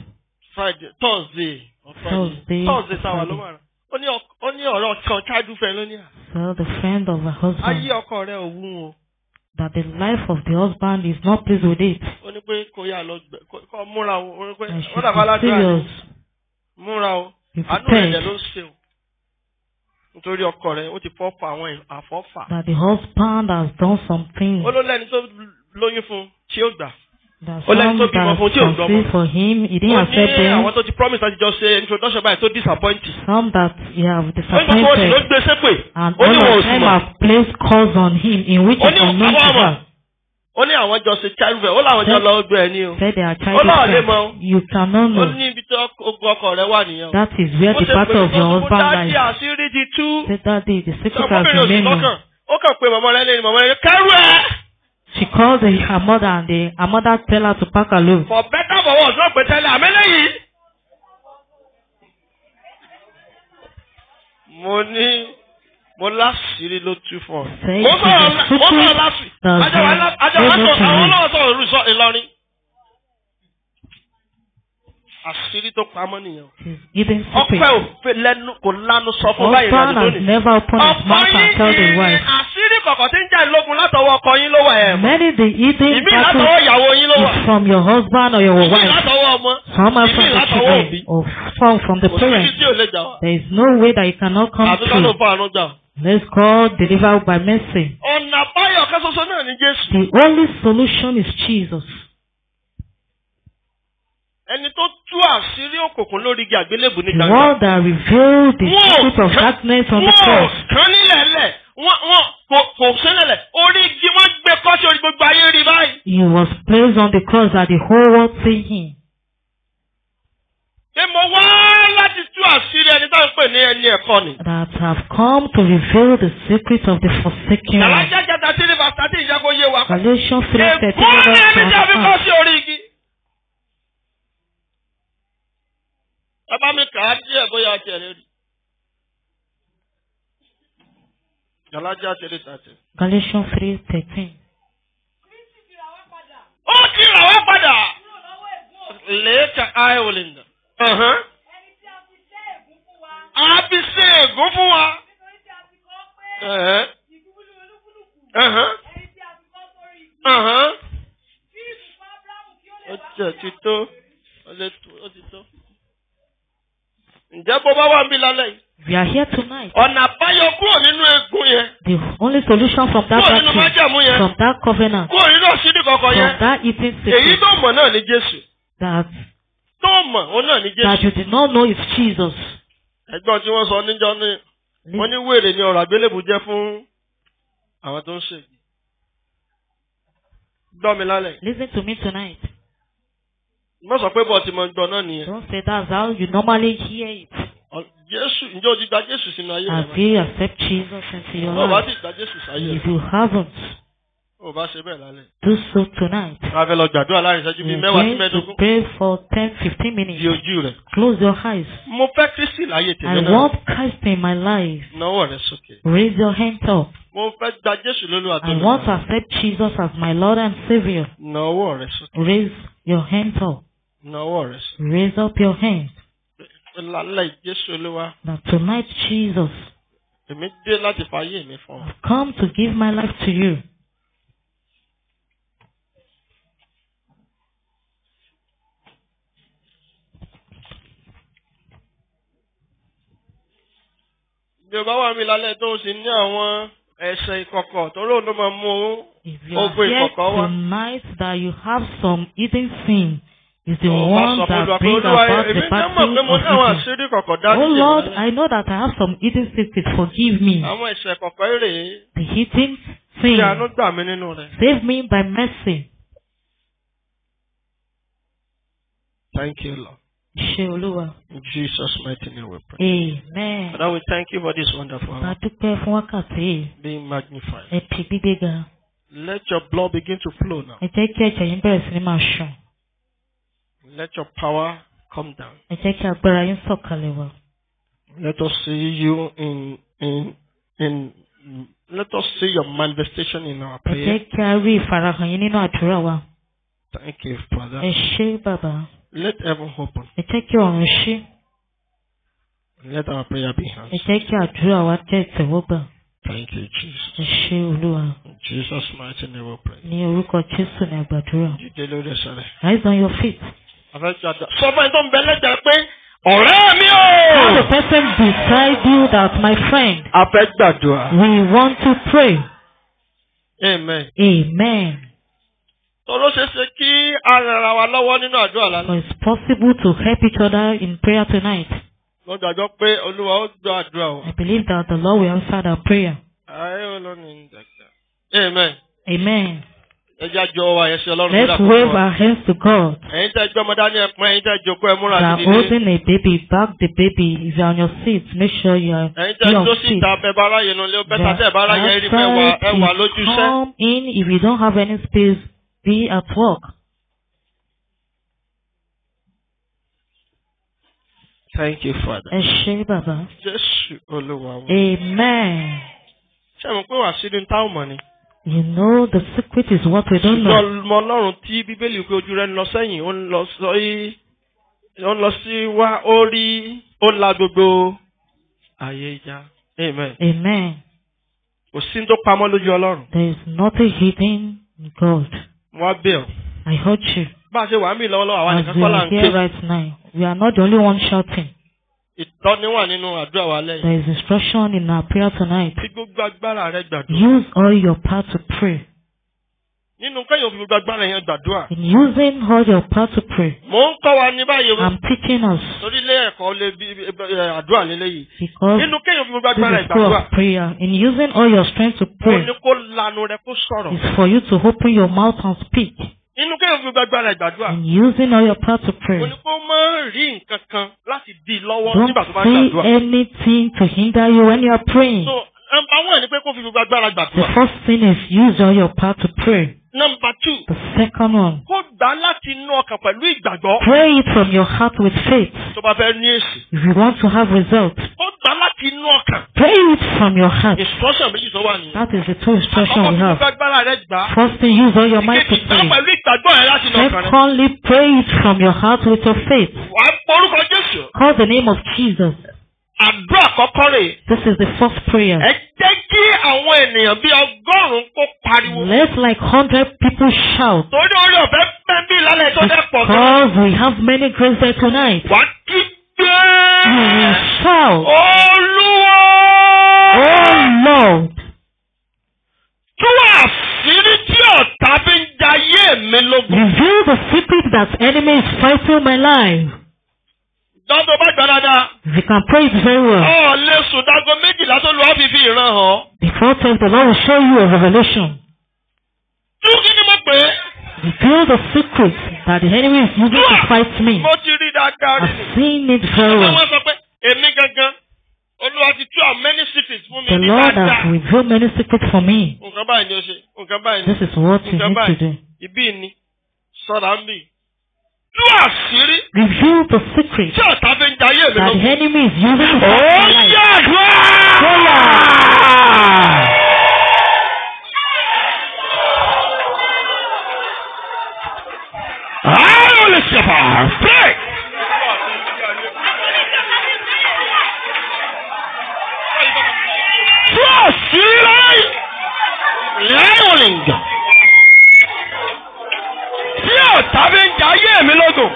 Friday Thursday. Thursday Thursday sáwà
so the friend of a
husband.
that the life of the husband is not pleased with it. ó ní pé kò
nítorí ọkọ rẹ̀ ó ti fọ́ pa àwọn àfọ́fà. that
the husband has done something. things.
tó lóyún fún ṣé ó gbà ó lẹ́yìn tó bímọ fún
for him he didn't accept them. ó ní àwọn
tó ti promise láti jọ ṣe introduction báyìí tó disappoint.
some that you have disappointed. ó ní
and all of them have
placed calls on him in which he can know the truth.
ó ní àwọn jọ ṣe childbirth just láwọn jọ lọ gbé ẹ ní o.
said they are childbirth. you cannot know.
that is where the part of your husband lies.
said that day the secret has been made known.
ó kàn pé mọ̀mọ́ rẹ lé ní
She called her mother and the, her mother tell her to pack her load.
For better for worse, no wọ́n pè tẹ́lẹ̀ àmì lẹ́yìn. Mo ní mo láṣìírí ló tú fún ọ. Mo sọ̀rọ̀ láṣìí. Àjọwọ́ sọ̀rọ̀ àwọn ọlọ́wọ́ sọ̀rọ̀ rú sọ Ìlọrin. Àṣírí tó pamọ́ nìyẹn. Ọpẹ́ ò lẹ́nu kò lánú sọ fún báyìí lọ́dún lónìí.
Ọ̀pọ̀ yín ní àṣírí
kọ̀kọ̀ tí ń jà lógun látọwọ́ ọkọ yín ló
ẹ̀. many the eating ìmí látọwọ́ ìyàwó yín ló is from your husband or your wife. ìmí látọwọ́ ọmọ. hama from the children or from from the parents. there is no way that you cannot come through. àtúntò ló fọ àánú gbà. Let's call delivered by mercy.
Ọ̀nà àbáyọ kan náà ni Jésù. The only
solution is Jesus.
Ẹni tó tú àṣírí òkùnkùn lórí igi àgbélébùú ní gbàgbọ́. The one that
revealed the secret of darkness on the cross. Wọ́n
kán nílẹ̀ lẹ̀ wọ́n kò kò orí igi wọ́n gbé kọ́sí orí gbogbo ayé rí báyìí.
He was placed on the cross that the whole world see him.
Ṣé mo wá láti tú àṣírí ẹni táwọn pè ní ẹni ẹ̀kọ́ ni?
That have come to reveal the secret of the forsaken. Galatia
chapter three verse thirteen ìyá kò yé wa. Galatians three thirteen verse thirteen. Èkó ni ẹni tí a fi kọ́ sí orí igi. Ẹ bá mi kà á díẹ̀ bóyá ọtí ẹ̀ lórí. Galatians three thirteen.
Galatians three thirteen.
Ó ti rà wá padà. Later Ireland. Ẹni tí a fi ṣe ègún fún wa. A fi ṣe ègún fún
wa. Nítorí tí a
fi kọ́ pé.
Ìdúgbòlù olúkúlùkù. Ẹni tí a fi kọ́ sórí ìdí. Fíìmù fún Ábúrámù kí ó lè bá. Ó jẹ́ ti
tó. Ó ti tó. Ǹjẹ́ bó bá wà ń bí lálẹ́ yìí? We are here tonight. Ọ̀nà àbáyọ kúrò nínú ègún yẹn. The
only solution from that practice. Kúrò nínú májàmú yẹn. From that covenant.
Kúrò nínú òṣìṣẹ́ kọ̀ọ̀kan yẹn. From
that eating secret. Èyí
tó mọ̀ náà ni Jésù. That. Tó mọ̀ òun náà ni Jésù. That you
did not know is Jesus.
Ẹ̀gbọ́n tí wọ́n sọ níjọ́ ní. Wọ́n ní wèrè ni ọ̀rọ̀ àgbélébù jẹ́ fún àwọn tó ń ṣe. Gbọ́ mi
lálẹ́. Listen to me tonight.
Mo sọ pé bọ́ọ̀ ti mọ gbọ́ náà nìyẹn.
Don't say that's how you normally hear
it. Have you accepted Jesus into your life? If you haven't, do
so tonight.
We're going to pray
for 10, 15 minutes. Close your eyes.
I want
Christ in my life. Raise your hand up.
I want to accept
Jesus as my Lord and Savior. Raise your hand up. Raise up your hand.
That
tonight Jesus.
Èmi dé
come to give my life to you.
Bí o bá wà mí lálẹ́ tó o sì ní àwọn ẹ̀ṣẹ̀ ìkọ̀kọ̀ tó lóun ló máa mú ogun ìkọ̀kọ̀ wá. If you are here
tonight that you have some hidden sin. is the one that brings about the bad things of
people. Oh Lord,
I know that I have some eating sickness. Forgive me.
The hidden sin. Save
me by mercy. Thank you, Lord. In Jesus'
mighty name we pray. Amen. Father, we thank you for this wonderful hour.
Adúpẹ́ magnified.
Let your blood begin to flow now. Let your power come down. Let us see you in in in let us see your manifestation in our prayer. Thank you, brother. Let heaven open. Let our prayer be
answered. Thank you, Jesus. In
Jesus' mighty name we pray.
Ní orúkọ Jésù ni àgbàdúrà.
Jíjẹ
Rise on your feet.
Sọ fún ẹni tó ń bẹ lẹ́jà pé
ọ̀rẹ́ mi o. Now
the person beside you that my friend. A fẹ́ gbàdúrà. We want to pray. Amen. Amen.
Tọ́lọ́ ṣe ṣe kí a rara wa lọ́wọ́ nínú àdúrà lánàá.
It's possible to help each other in prayer tonight.
Mo gbàgbọ́ pé Olúwa ó gbọ́ àdúrà o.
I believe that the Lord will answer our prayer.
Ayé olórin dàgbà. Amen. Amen. Ẹja jọ wa Let's wave our
hands to God.
Ẹ̀yin are holding
a baby back the baby if you on your seat make sure you're on your seat.
Come in
if you don't have any space be at work.
Thank you, Father. Ẹ ṣé Amen.
You know the secret is what we don't know. Ṣùgbọ́n
ọmọ Ọlọ́run tí Bíbélì pé ojú rẹ̀ ń lọ sẹ́yìn, ó ń lọ sí wá ó rí ó la gbogbo ayé já. Amen. Amen. Kò sí tó pamọ́ lójú Ọlọ́run.
There is nothing hidden in God. Mo á bẹ̀ ọ́. I heard you.
Bá a ṣe wà á mí lọ́wọ́lọ́wọ́ àwa nìkan kọ́ là ń ké. As we are here right
now, we are not the only one shouting.
Ìtọ́ni wà nínú àdúrà wa lẹ́yìn. There is
instruction in our prayer tonight. Fi
gbogbo agbára rẹ gbàdúrà.
Use all your power to pray.
Nínú kẹ́yìn fi gbogbo agbára yẹn gbàdúrà.
In using all your power to pray.
Mo ń kọ́ wa ní báyìí. I'm teaching us. Torí ilé ẹ̀kọ́ lè bí àdúrà lélẹ́yìí. Because nínú kẹ́yìn fi gbogbo agbára gbàdúrà. This is prayer of
prayer. In using all your strength to pray. Mo
lanu rẹ kó sọ̀rọ̀. It's for you
to open your mouth and speak.
Inú kéèyàn fi gbàgbà rẹ̀ And
using all your power to pray. Oníkó
máa ń rí nǹkan kan láti dì lọ́wọ́ nígbà tó bá gbàdúrà. Don't see
anything to hinder you when you are praying. So,
number one pé kó fi gbàgbà gbàdúrà. The first
thing is use all your power to pray.
Number two. The second one. Kó gbà láti inú ọkàn pẹ̀lú ìgbàgbọ́. Pray it from your
heart with faith. Tó
bá fẹ́ ní èsì.
If you want to have results.
Kó gbà láti inú ọkàn. Pray it
from your heart. Instruction méjì tó wà nìyẹn. That is the two instruction we have. Àkọ́kọ́ tí wọ́n gbà. First thing, use all your mind to pray. Ìkejì gbà pẹ̀lú
ìgbàgbọ́ rẹ̀ láti inú ọkàn rẹ̀. Secondly,
pray it from your heart with your faith.
Wà á pọ orúkọ Jésù.
Call the name of Jesus.
Àdúrà àkọ́kọ́ rè. This is the first prayer. Ẹ jẹ́ kí àwọn ènìyàn bíi ọgọ́rùn-ún kó pariwo.
Let like hundred people shout.
Torí orí ọ̀fẹ́ pẹ́ bí lálẹ́ tó dẹ́ pọ̀ sí. Because
we have many grace there tonight. Wà á
kí gbé.
You will
shout.
Olúwa.
Oh
Lord.
Tú àṣírí tí ọ̀tá fi ń jayé
mi lógun. Reveal the secret that enemy is fighting my life.
Dáńtò bá gbà dáadáa.
You can pray very well. Ọ̀
lè sùn dágọ́ méjìlá tó lu àfi ìran hàn.
Before ten the Lord will show you a revelation.
Tú kí ni mo pè é?
Reveal the secret that the enemy is using to fight me. Mo ti rí dáadáa rí. I've seen it very well. Àwọn ọmọ
sọ pé èmi gangan. Olúwa ti tú àwọn many secrets fún mi ní dáadáa. The Lord has
revealed many secrets for me.
Nǹkan báyìí ni ó ṣe. Nǹkan báyìí ni. This is what you need to do. Ìbí ni sọ̀rọ̀ ń bì.
Reveal the secret.
That the
enemy is using to fight oh, my life. Ó yà wá! Kọ́lá!
Ayọ̀ lè ṣẹ̀fà fẹ́. ọ̀tá fi ń jẹ ayé mi lógun.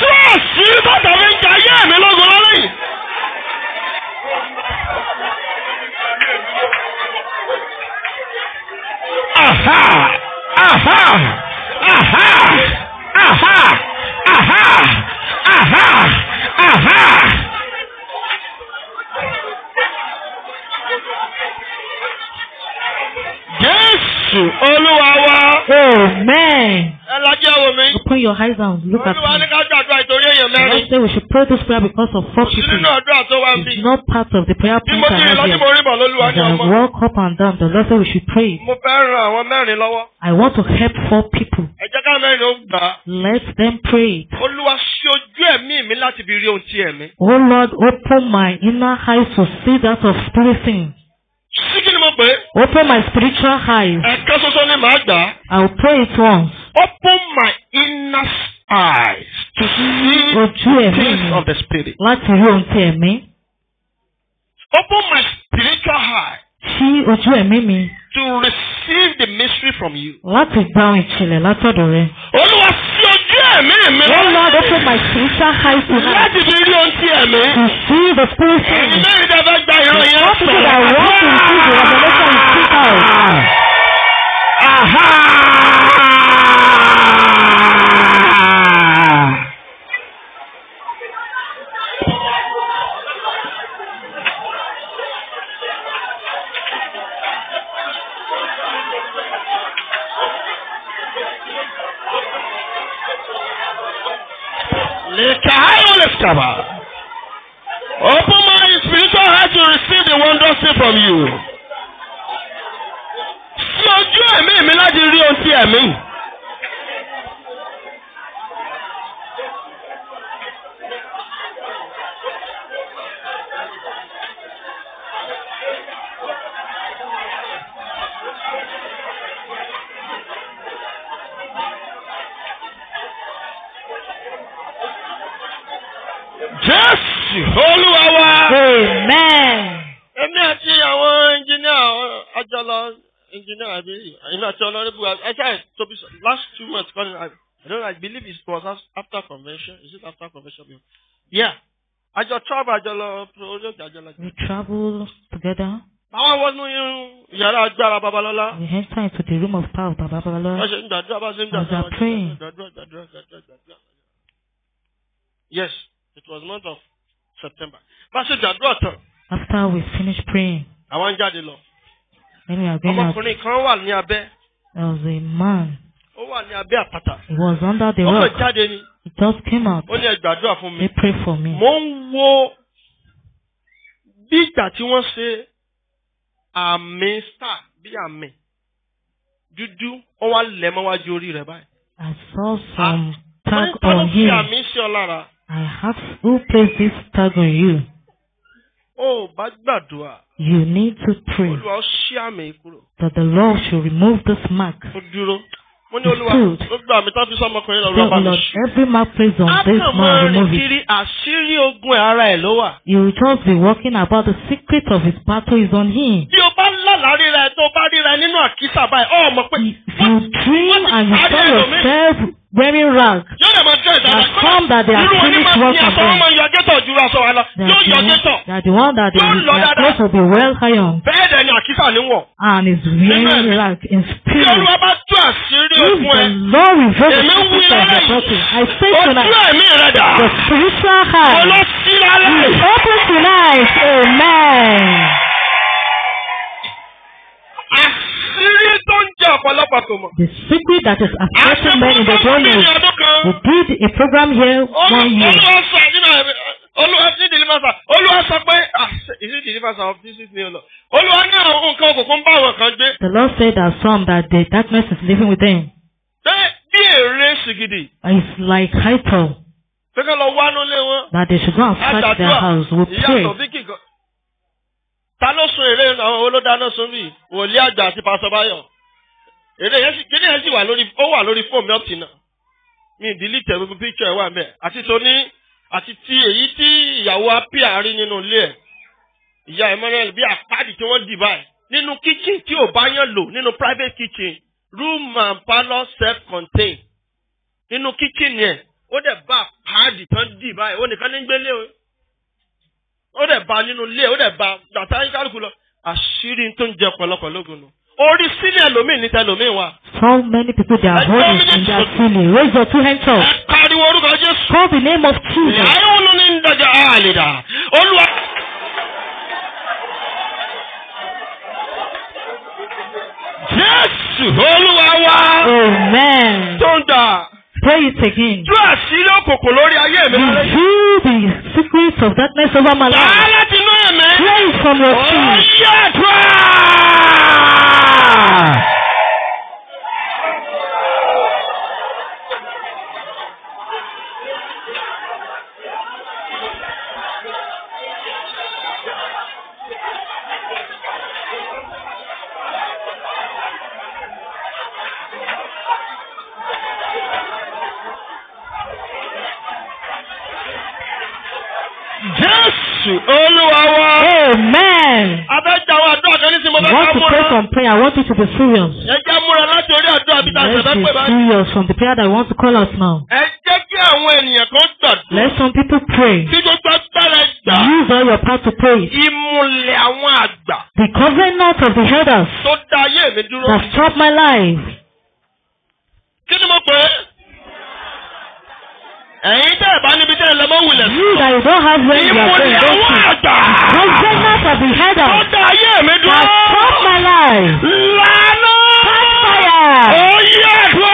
tí ó fi ń jẹ ayé mi lógun lọ́lẹ́ yìí. Aha! Aha! Aha! Aha! Aha! Aha! Yes
Jésù. Olúwa wá. Amen. Ẹ wo mi. Open your eyes and look at me. Olúwa ní
ká gbàdúrà ìtorí èèyàn mẹ́rin. I say we
should pray this prayer because of four people. Òṣìlú náà dúrà tó wá bí. It's not part of the prayer point I have here. Bí mo ti lọ sí mo
rí bọ̀ ọmọ. As I walk
up and down, the Lord say we should pray.
Mo fẹ́ ran àwọn mẹ́rin lọ́wọ́.
I want to help four people.
Ẹ ká mẹ́rin ó gbà.
Let them pray.
Olúwa ṣí ojú ẹ̀mí mi láti fi rí ohun ti ẹ̀mí. Oh
Lord, open my inner eyes to see that of spirit things pé. Open my spiritual eyes.
Ẹ̀kan ṣoṣo ni màá gbà.
I will pray it once.
Open my inner
eyes to see ojú ẹ̀mí things of the spirit. Láti rí ohun ti ẹ̀mí.
Open my spiritual eyes.
Ṣí ojú ẹ̀mí mi.
To receive the mystery from you. Láti
gba ohun ìṣẹ̀lẹ̀ látọ̀dọ̀ rẹ.
Olúwa sí ojú ẹ̀mí mi. Wọ́n lọ open my spiritual eyes to Láti fi rí ohun ti ẹ̀mí. To
see the spirit. Ẹ̀yin
náà ¡Ajá!
We
traveled together.
Àwọn wọnú yàrá agbára Babalọ́lá.
We enter into the room of power of Baba Babalọ́lá. Bá ń gbàdúrà bá ṣe ń gbàdúrà. As I pray.
Yes, it was month of September. Bá ṣe gbàdúrà tán.
After we finish praying.
Àwọn jáde lọ.
When are going out.
Ọmọkùnrin kan wà ní abẹ́.
There was a man.
Ó wà ní abẹ́ àpáta.
He was under the rock. Ó jáde ni. He just came out. Ó ní
ẹ gbàdúrà fún mi. They pray for me. Mo ń wo bí ìgbà tí wọ́n ṣe àmì star bí àmì dúdú ó wá lẹ̀ mọ́ wájú orí rẹ̀ báyìí.
I saw some ah, tag on him. Wọ́n fi àmì sí ọ lára. I have. who placed this tag on you.
Ó bá gbàdúrà.
You need to pray. Olúwa
ó ṣí àmì kúrò.
That the Lord should remove this mark.
Ó dúró mo
every man plays on this man remove it. you will just be walking about the secret of his battle is on him. if you dream and you tell yourself wearing rank
has come that they have finished work on them.
That the one that is supposed to be well higher
and
is wearing rank in spirit.
If
the Lord reveals the secret of the prophet, I say tonight, the spiritual heart is open tonight. Amen.
Ah tó ń jẹ ọ̀pọ̀lọpọ̀ kò mọ̀. The
secret that is affecting men in the world is we did a program here one year.
Olúwa ti deliverance Olúwa sọ pé ah, is it of Jesus name Lord? Olúwa ní àwọn nǹkan òkùnkùn ń bá àwọn kan gbé.
The Lord said that some that the darkness is living with them.
Ṣé bí èrè ṣìgìdì?
It's like hypo.
Pé kí lọ wá nílé wọn. That they should go and search their house. with pray. Ìyá sọ̀ bí kìkan ta ló sun eré àwọn olódáná sun bíi wòlíì àgbà àti pásọ báyọ eré yẹn sì kíní yẹn sì wà lórí ó wà lórí fóònù mi ọ̀tì náà mi ìdílítẹ̀ gbogbo píkṣọ̀ ẹ̀ wà mẹ́ àti tóní àti ti èyí tí ìyàwó apia rí nínú ilé ẹ̀ ìyá Emmanuel bí àpáàdì tí wọ́n dì báyìí nínú kitchen tí ò bá yàn lò nínú private kitchen room and parlour self contained nínú kitchen yẹn ó dẹ̀ bá àpáàdì tán dì báyìí ó nìkan ní gbélé o ó dẹ̀ ba nínú ilé ó dẹ̀ ba bàtà kálukú lọ àṣírí tó ń jẹ ọ̀pọ̀lọpọ̀ lógun nù. orí sílẹ̀ lómi ní tẹ lómi wa.
so many people dey avoid it in their feeling raise your two hands up.
ẹ orúkọ Jésù.
call the name of Jesus. ìyá
ìwúlò ní ìdájọ́ àlèdà olúwa. Jésù olúwa wa. amen. tó ń dà. Pray it again. Tú
àṣírí òkòkò
lórí ayé mi. Reveal
the secrets of darkness over my life. Bàálà ti
nú ẹ̀mí. Pray from your feet. Ó yẹ
be Ẹ
jẹ́ múra láti orí àdúrà bí ta ṣẹ̀fẹ́ pè Let's be
serious from the prayer that we want to call us now.
Ẹ jẹ́ kí àwọn ènìyàn kan gbàdúrà. Let
some people pray.
Kí gbogbo agbára
gbà. Use all your power to pray.
Ìmùlẹ̀ àwọn àgbà. The
covenant of the elders.
Tó dá ayé mi dúró. That stop my life. Kí ni mo pè é? ẹ̀yin tẹ́ ẹ̀ bá níbi tẹ́ ẹ lọ́mọ
wulẹ̀ sí. you that you don't have where you are going don't see. consciousness of the head of. tó ayé mi dúró. has crossed my life. lánàá. catch fire. ó yẹ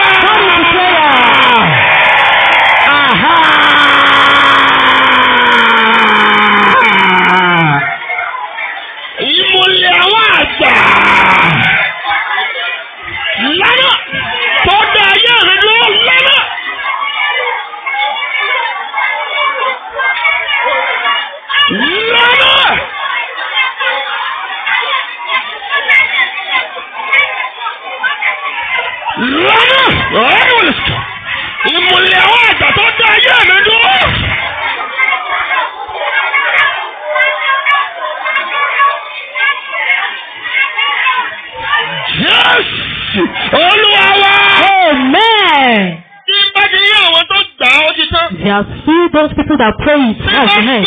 lọ́nà lọ́nà ìmùlẹ̀ àwọn àgbà tó dá ayé mi dúró. Jésù Olúwa wa. Amen. Tí n bá ti rí àwọn tó gbà ó ti tán. There are still those people that pray it. Ṣé wọ́n gbé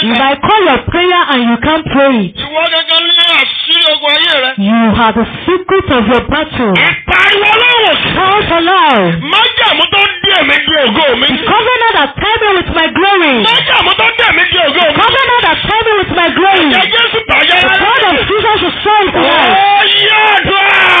If I call your prayer and you can't pray it ogun ayé rẹ. You are the secret of your battle. Ìpariwo lọ́wọ́. Shout aloud. Májàmú tó dé mi di ògo mi. The governor that tied me with my glory. Májàmú tó dé mi di ògo mi. The governor that tied me with my glory. Ẹ̀jẹ̀ Jésù tàjẹ́. The blood of Jesus is so important. Ó yẹ àdúrà.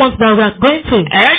months that we are going to.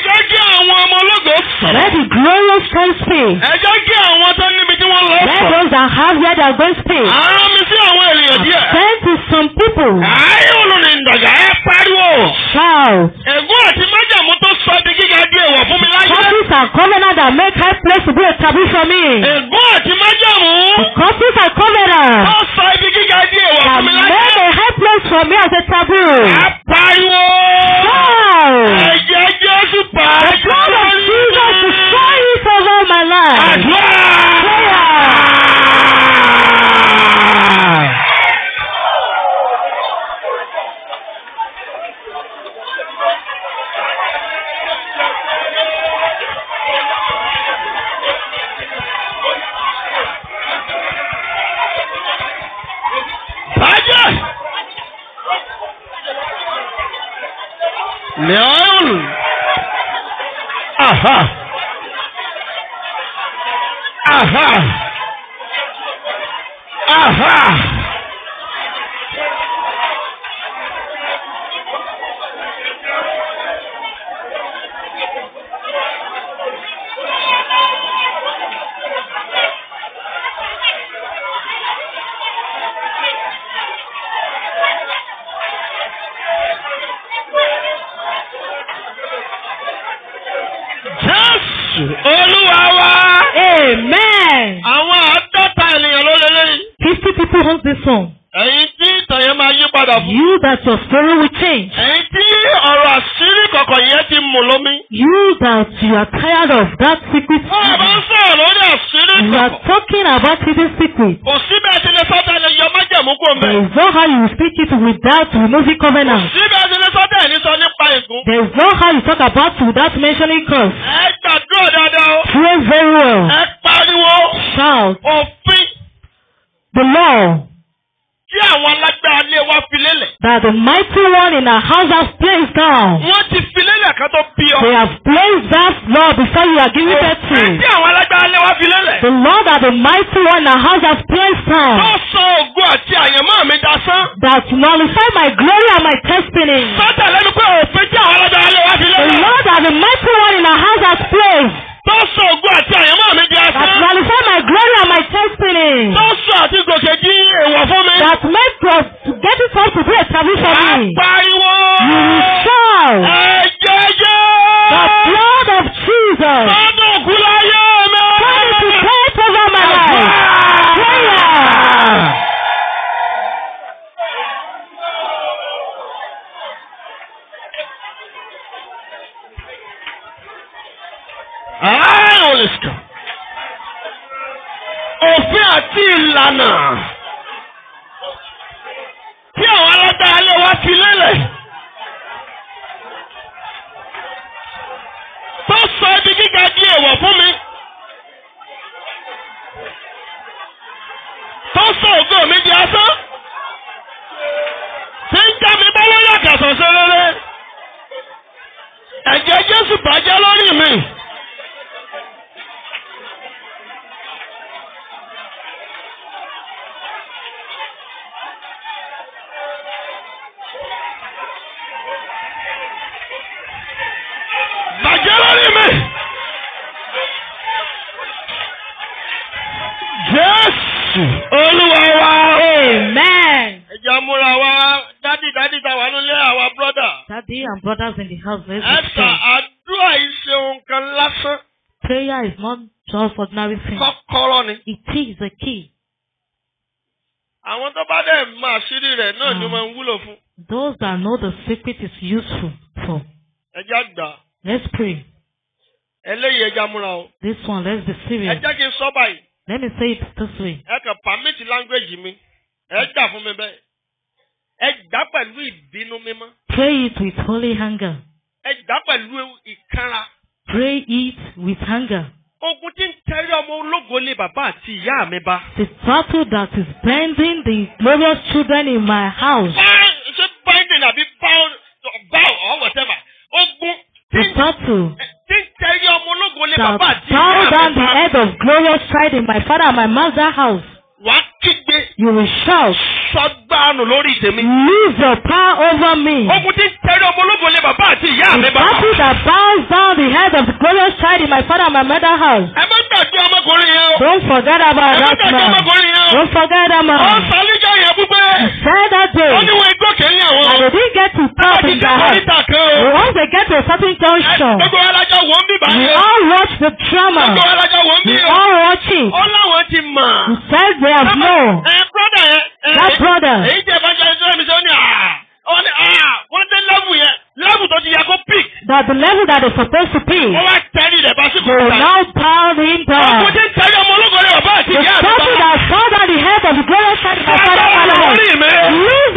that your story will change.
Èyí tí ọ̀rọ̀ àṣírí kọ̀kọ̀ yẹn ti mú lómi.
You that you are tired of that secret.
Wọ́n
bá ń sọ̀rọ̀ lórí àṣírí kọ̀kọ̀. You are
talking about hidden secret. Kò
sí bẹ́ẹ̀ tí lè sọ́tà lè yọ
májẹ̀mú kò mẹ́. There is no how you speak it without removing covenant. Kò
sí bẹ́ẹ̀ tí lè sọ́tà ẹni sọ nípa ègún. There is no
how you talk about without mentioning curse.
Ẹ
sọ̀sẹ̀ rere ẹ̀jẹ̀ Jésù bàjẹ́ lórí mi.
and brothers in the house. Ẹ̀ka
àdúrà ìṣe
Prayer is not just ordinary thing. It is the key. Àwọn ah. Those that know the secret is useful for. àgbà. Let's pray. This one let's be serious. Let me say it this way.
permit language Ẹ gbà pẹ̀lú ìbínú mímọ́.
Pray it with holy anger.
Ẹ gbà pẹ̀lú ìkanra.
Pray it with anger.
Ogun tí ń tẹ̀rí ọmọ ológo lé bàbá àti ìyá
mi bá. The battle that is bending the glorious children in my house.
Ṣé binding àbí bound bound or whatever? Ogun.
The battle.
That bow down the head
of glorious child in my father and my mother house.
Wàá kígbe.
You will shout. Sọgbàánù lórí tèmi. Lose your power over me. Ogun
tí tẹ̀lé ọmọ lé bàbá àti ìyá mi bàbá. The battle that
bows down the head of the glorious child in my father and my mother house.
Ẹ má gbàgbé ọmọkùnrin yẹn Don't forget about
that man. Ẹ má gbàgbé ọmọkùnrin yẹn Don't forget that man. Ó
sàlíjọ́ yẹn gbígbé. Say that day. Wọ́n ní wọ́n igbó kìí yàn wọ́n. And they get to stop in their house. Once they get to a certain junction. Gbogbo alájọ wo ń bíbá yẹn. We all watch the drama. Gbogbo alájọ wo ń bí yẹn. We all watch it. Ó
láwọn ti mọ̀. No. Eh, Ẹ eh, eh, That brother. Ah, ah,
that the level that is supposed to pick.
Wọ́n now
pound him down. Ọkùnrin ti ń tẹ́lẹ̀ ọmọ The prophet has
found out the head of the glorious child of our father. Leave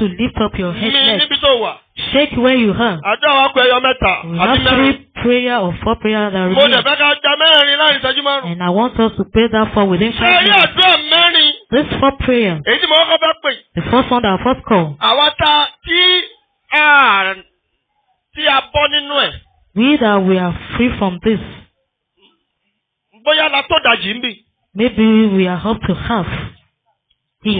to lift up your head left. shake where you are.
àdúrà wa pé ẹyọ mẹ́ta we have three
prayer or four prayer that remain. mo dẹ̀ fẹ́
ká ja mẹ́rin láàrin ìṣẹ́jú márùn
and I want us to pray that for within five minutes. ṣé ilé
àdúrà mẹ́rin.
this four prayer.
èyí tí mo kọ́kọ́ fẹ́ pè.
the first one that I first call.
àwa ta tí a tí a bọ́ nínú ẹ̀.
we that we are free from this.
bóyá la tó dajì ń bì.
maybe we are up to half. Mo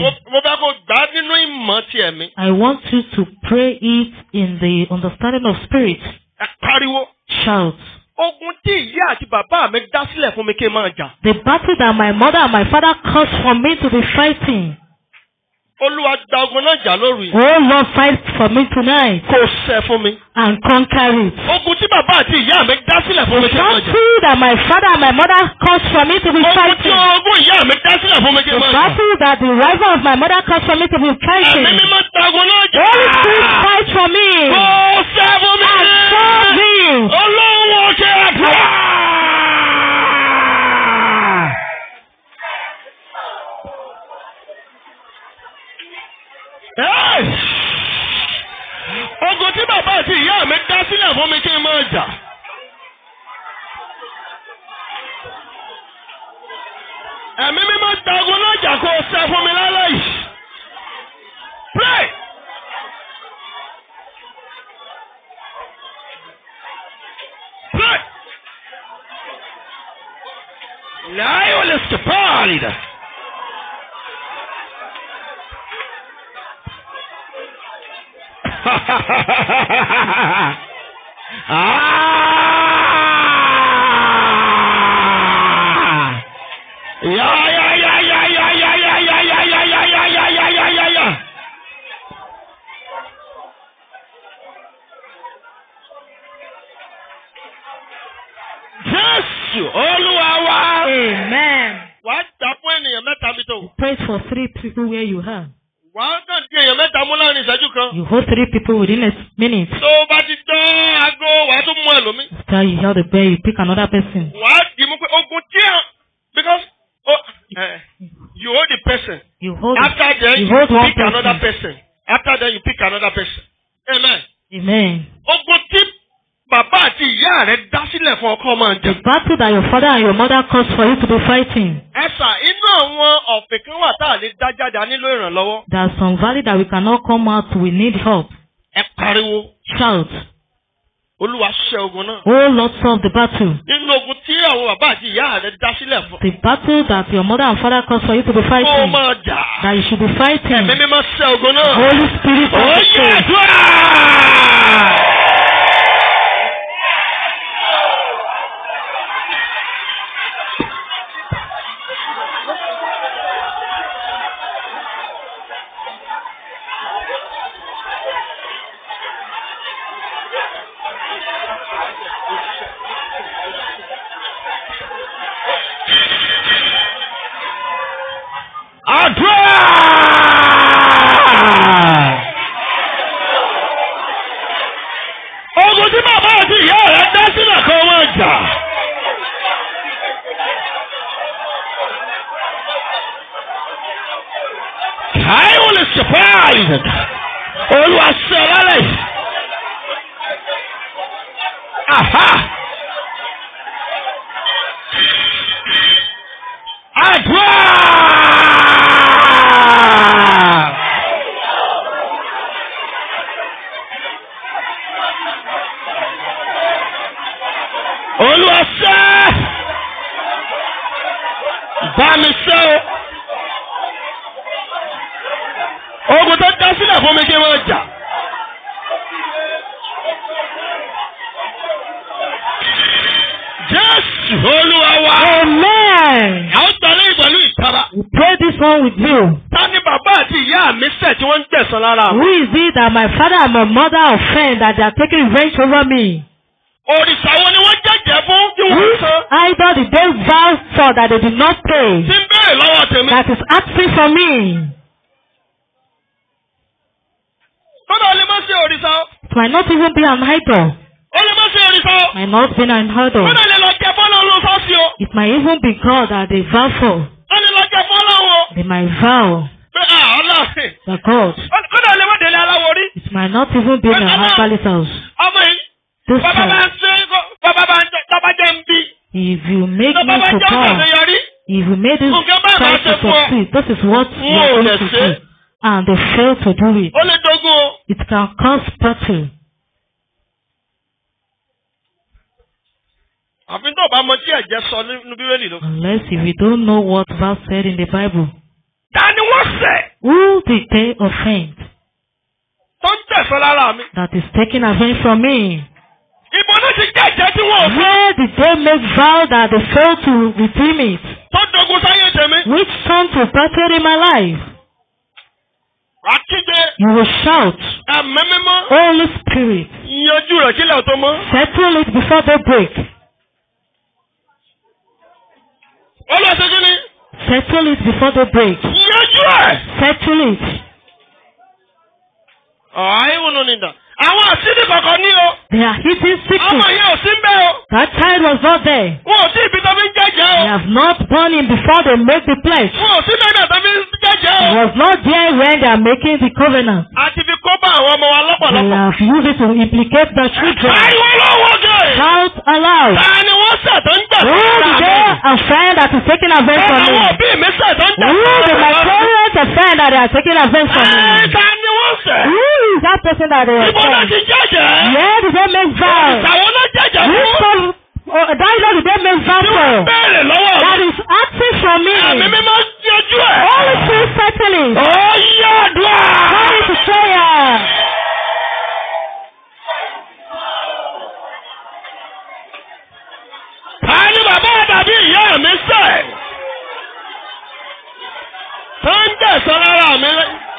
I want you to pray it in the understanding of spirit. Ẹ Shout.
Ogun tí ìyá àti bàbá mi dá sílẹ̀ fún mi kí n máa
jà. The battle that my mother and my father caused for me to be fighting.
Olúwa gba ogun náà jà lóru yìí. Oh
Lord fight for me tonight. Kò ṣẹ́ fún mi. And conquer it.
Ogun tí bàbá àti ìyá mi dá sílẹ̀ fún mi kí n máa jà. The
battle that my father and my mother caused for me to be fighting. Ogun tí ogun ìyá mi dá sílẹ̀ fún mi kí n máa jà. The battle that the rival of my mother caused for me to be fighting. Ẹ̀mí mi máa
ta ogun náà jà. Holy Spirit fight for me. Kò ṣẹ́ fún mi. And serve me. Olóhùn òkè àdúrà.
sílẹ̀ fún mi kí n máa jà.
ẹ̀mí mímọ́ dagun lájà kó
where you are.
Wà á kàn di èèyàn mẹ́ta mú láàrin ìṣẹ́jú kan.
You hold three people within a minute.
Tó o bá ti tọ́ aago, wà á tún mú ẹlòmíì.
After you hear the bell, you pick another person.
Wà á dì mú pé ogun díẹ̀ because oh, uh, you hold the person.
You hold, After then, you, hold you pick person. another person.
kọ́ máa jẹ. The battle
that your father and your mother cause for you to be fighting.
Ẹ sà, inú àwọn ọ̀fẹ́ kan wà tá a lè dá jáde, a nílò ìrànlọ́wọ́.
There are some valley that we cannot come out, we need help.
Ẹ pariwo. Shout. Olúwa ṣe ogun náà. Oh Lord
solve the battle.
Nínú ogun tí àwọn bàbá àti ìyá rẹ̀ dá sílẹ̀ fún.
The battle that your mother and father cause for you to be fighting. Kó máa jà. That you should be fighting. Ẹ̀mí
mímọ́
ṣe ogun náà. Holy spirit of the soul. Ó yẹ àdúrà. I pray
lára. Who is it that my father and my mother offend that they are taking revenge over me?
Òrìṣà wo ni wọ́n jẹ́jẹ́ fún kí wọ́n
san? Either the day vow for that they did not pay. Tí
ń lọ́wọ́ tèmi.
That is asking for me.
Bọ́dọ̀ lè má ṣe òrìṣà.
It might not even be an idol.
O lè má ṣe òrìṣà.
Might not be an idol. Bọ́dọ̀
lè lọ jẹ bọ́lá olóṣọ́ọ̀ṣì o.
It might even be God that they vow for.
Wọ́n lè lọ jẹ bọ́lá wọn. They might vow. The ah, God. It
might not even be in our husband's house. This time. If you make me to power, if you make this child to succeed, this is what you are going to do. And they fail to do it. It can cause battle.
Unless
if you don't know what God said in the Bible.
Ta ni wọ́n
Who did they offend?
Tó ń jẹ̀sọ́
That is taking away from me.
Where
did they make vow that they failed to redeem it? Which turn to battery my life?
You will shout. Holy
spirit. Settle it before they break.
Settle it before they break. Settle oh, it.
Àwọn àṣírí kọ̀ọ̀kan ní o.
They are hitting sickness. Ọmọ yẹn ò sí bẹ́ẹ̀ o. That child was not there. Wọn ò sí ibi tó fi ń jẹ́jẹ́ o. They have not born him before they make the pledge.
Wọn ò sí lọ́dọ̀ tó fi ń jẹ́jẹ́
o. He was not there when they are making the covenant. A fi
kó bá àwọn ọmọ wa lọ́pọ̀lọpọ̀. They
have used it to implicate the children. Ariwo lọ́wọ́ gẹ̀. Shout aloud. Ta
wọ́n ṣẹ̀ tó ń gbà Who is there
a friend that is taking advantage of me? Àwọn
òbí mi ṣẹ̀ tó ń gbà Who is my parents a
friend that they are taking advantage of me? Who is that person that they are? saying. ìbọn náà ti jẹ́jẹ́. yeah they don make vow. ìtàwọn náà jẹ́jẹ́ fún. Who?
one oh, that is what they don make vow for. ìwọ bẹ̀rẹ̀ lọ́wọ́. that is acting for me. àmì mi máa ń yanjú ẹ̀. only two settling. ó yá àdúrà. sorry to show ya. àní bàbá àdàbí ìyá mi sẹ́ẹ̀. tó ń dẹ̀ mi lẹ́yìn.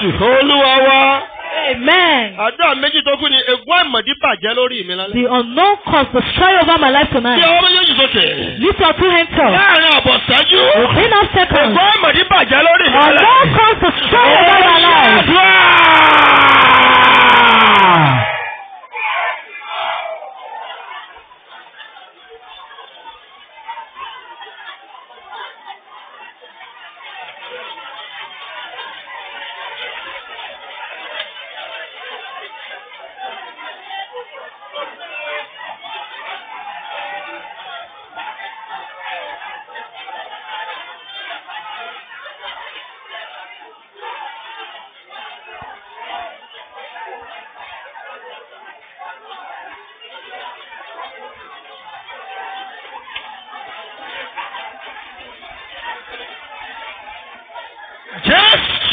Jésù.
Olúwa wá. Amen. Àdúrà méjì tó kú ni ègún àìmọ̀dí bàjẹ́ lórí mi lálẹ́. The
unknown cause to try over my life tonight. Bí ọwọ́ méjèèjì sókè. Lift your two hands up. Láàárín
ọ̀bọ̀ ṣáájú. Within a second. Ègún àìmọ̀dí bàjẹ́ lórí mi lálẹ́. Unknown cause to try over my life. Ó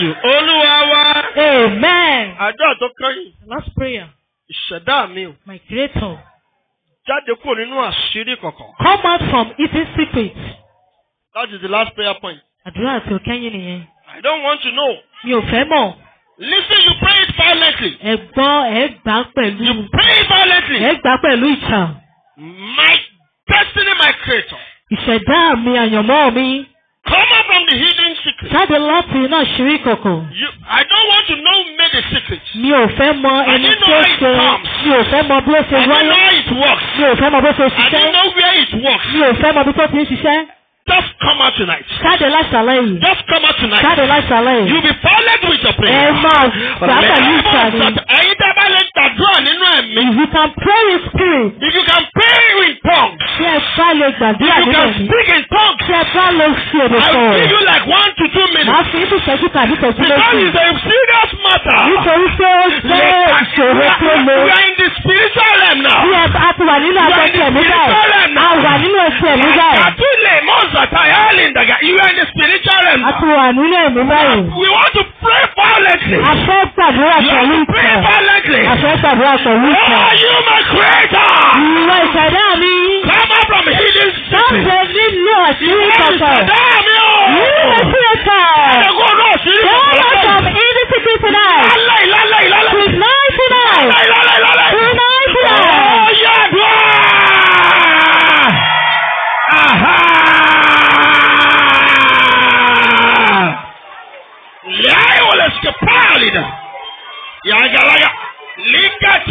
you. Olúwa wa.
Amen. Àdúrà tó kẹ́yìn. Last prayer. Ìṣẹ̀dá mi o. My creator. Jáde kúrò nínú àṣírí kọ̀ọ̀kan.
Come out from hidden secret.
That is the last prayer point.
Àdúrà tí o nìyẹn.
I don't want to know.
Mi ò fẹ́ mọ̀.
Listen, you pray it violently.
Ẹ gbọ́ ẹ gbà pẹ̀lú. You pray it violently. Ẹ gbà pẹ̀lú ìtàn.
My destiny, my creator.
Ìṣẹ̀dá mi àyànmọ́ mi
jáde láti iná àṣírí kọ̀kọ̀. I
don't want to know many secrets.
Mi ò fẹ́ mọ ẹni tó ṣe. Mi ò fẹ́ mọ bí ó ṣe wáyé. I know how it works. Mi ò fẹ́ mọ bó ṣe ṣiṣẹ́. I don't know where it works. Mi ò fẹ́ mọ bí tó ti ń ṣiṣẹ́.
Just come out tonight. Jáde láṣàlẹ̀ yìí. Just come out tonight. Jáde láṣàlẹ̀ yìí. You be powered with your prayer. Ẹ máa gbàgbà ní ìtàn. Ẹ̀yin tẹ́ bá lè tàdúrà ní mi. If you can pray in spirit. If you can pray in tongues. Ṣé ẹ bá lè gbàdúrà nínú mi? If you can speak in tongues. Ṣé ẹ bá lè fi èdè sọ̀rọ̀? I will give you like one to two minutes. Màá fi ní ìṣẹ́jú tàbí ìṣẹ́jú méjì. Because it's a serious matter. Nítorí pé ó jẹ́ ìṣòro tó le. We are in the spiritual realm now. Bí ẹ bá ti wà nínú àgbẹ̀ tí ẹ̀mí báyìí. A wà nínú ẹ̀sìn ẹ̀mí báyìí. Àtúlẹ̀ mọ́sàtà Ẹ̀ẹ́lìndàgà, you are in the spiritual realm now. A ti wà nínú ẹ̀mí báyìí. We want to pray violently. A fẹ́ gbàdúrà pẹ̀lú ìtẹ̀. Ah, you my creator. Ìwọ ìṣẹ̀dá mi. Come out from healing. Sáǹsẹ̀ nínú àṣírí kọ̀kọ̀. Ìwọ ìṣẹ̀dá mi o. Ìwọ ìṣẹ̀dá mi. Ẹ̀kọ́ náà sí ìwọ ìṣẹ̀dá mi. Come out from healing people tonight. Lálẹ́ ìlálẹ́ ìlálẹ́. Tonight tonight. Lálẹ́ ìlálẹ́ ìlálẹ́. Tonight tonight. Ó yẹ àdúrà. Yẹ́n wọlé sikẹ̀
pálí náà.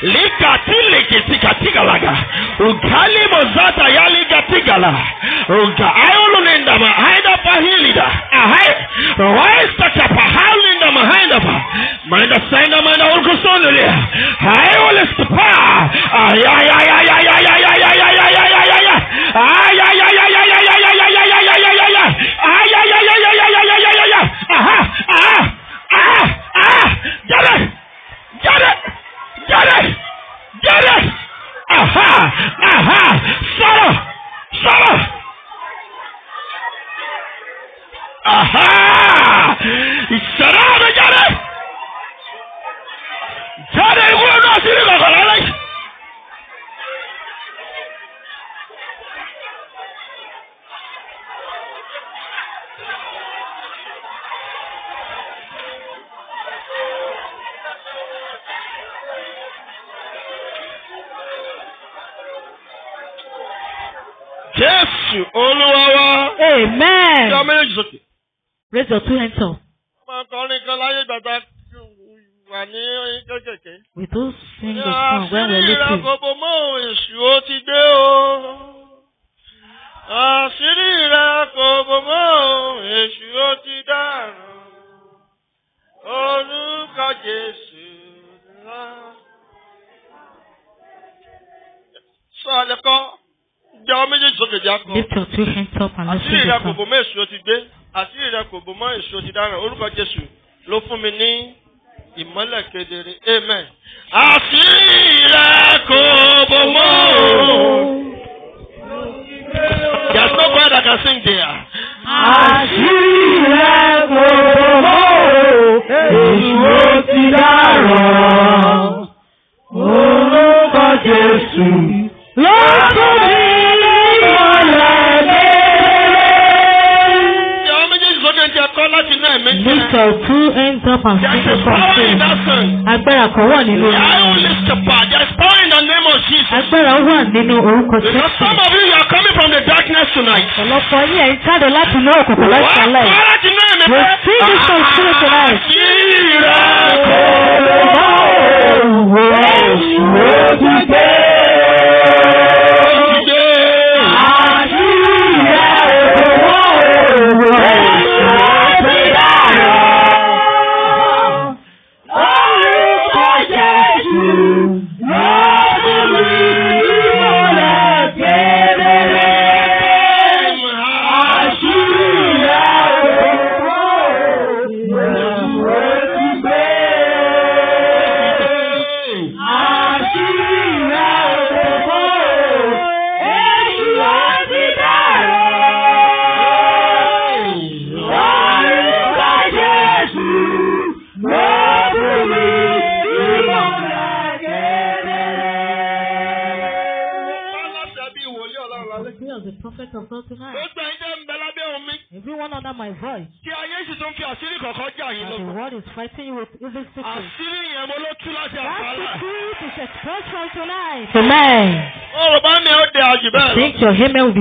likatilikitigatigalaga
ungalimozata yaligatigala unga ayolulenda mahaidapa hilida
ahai waistachapa haulinda mahaidapa maindasainda maina ulkusonulea haiolestipa Get it! Get it! Get it! Get it! Aha! Aha! Shut up, shut up! Aha! Shut up, Get it! Get it! Wọ́n náà sí ní kọ̀kọ̀ Jésù
Olúwa Amen. Ṣé ọmọ méjèèjì sókè?
Raise your two hands up. Wọ́n
máa kan láyé gbàgbà wà ní kékèké.
We don't sing a song when we're little. Àṣírí ìràgòbò
mọ́ èṣù ó ti dé o. Àṣírí ìràgòbò mọ́ èṣù ó ti dàrú. Orúkọ Jésù ńlá. Sọ àlẹ́kọ́. Jẹ́ ọ méjèèjì sókè jẹ́ àkọ́. Lift your two hands
up and let's raise it up. Àṣírí rẹ kò bò
mọ́ èso ti gbé. Àṣírí rẹ kò bò mọ́ èso ti dáràn. Orúkọ Jésù ló fún mi ní ìmọ́lẹ̀ kedere. Amen. Àṣírí
jáde láti inú òkùnkùn láti alẹ́. wọ́n á
jáde náà mi fẹ́.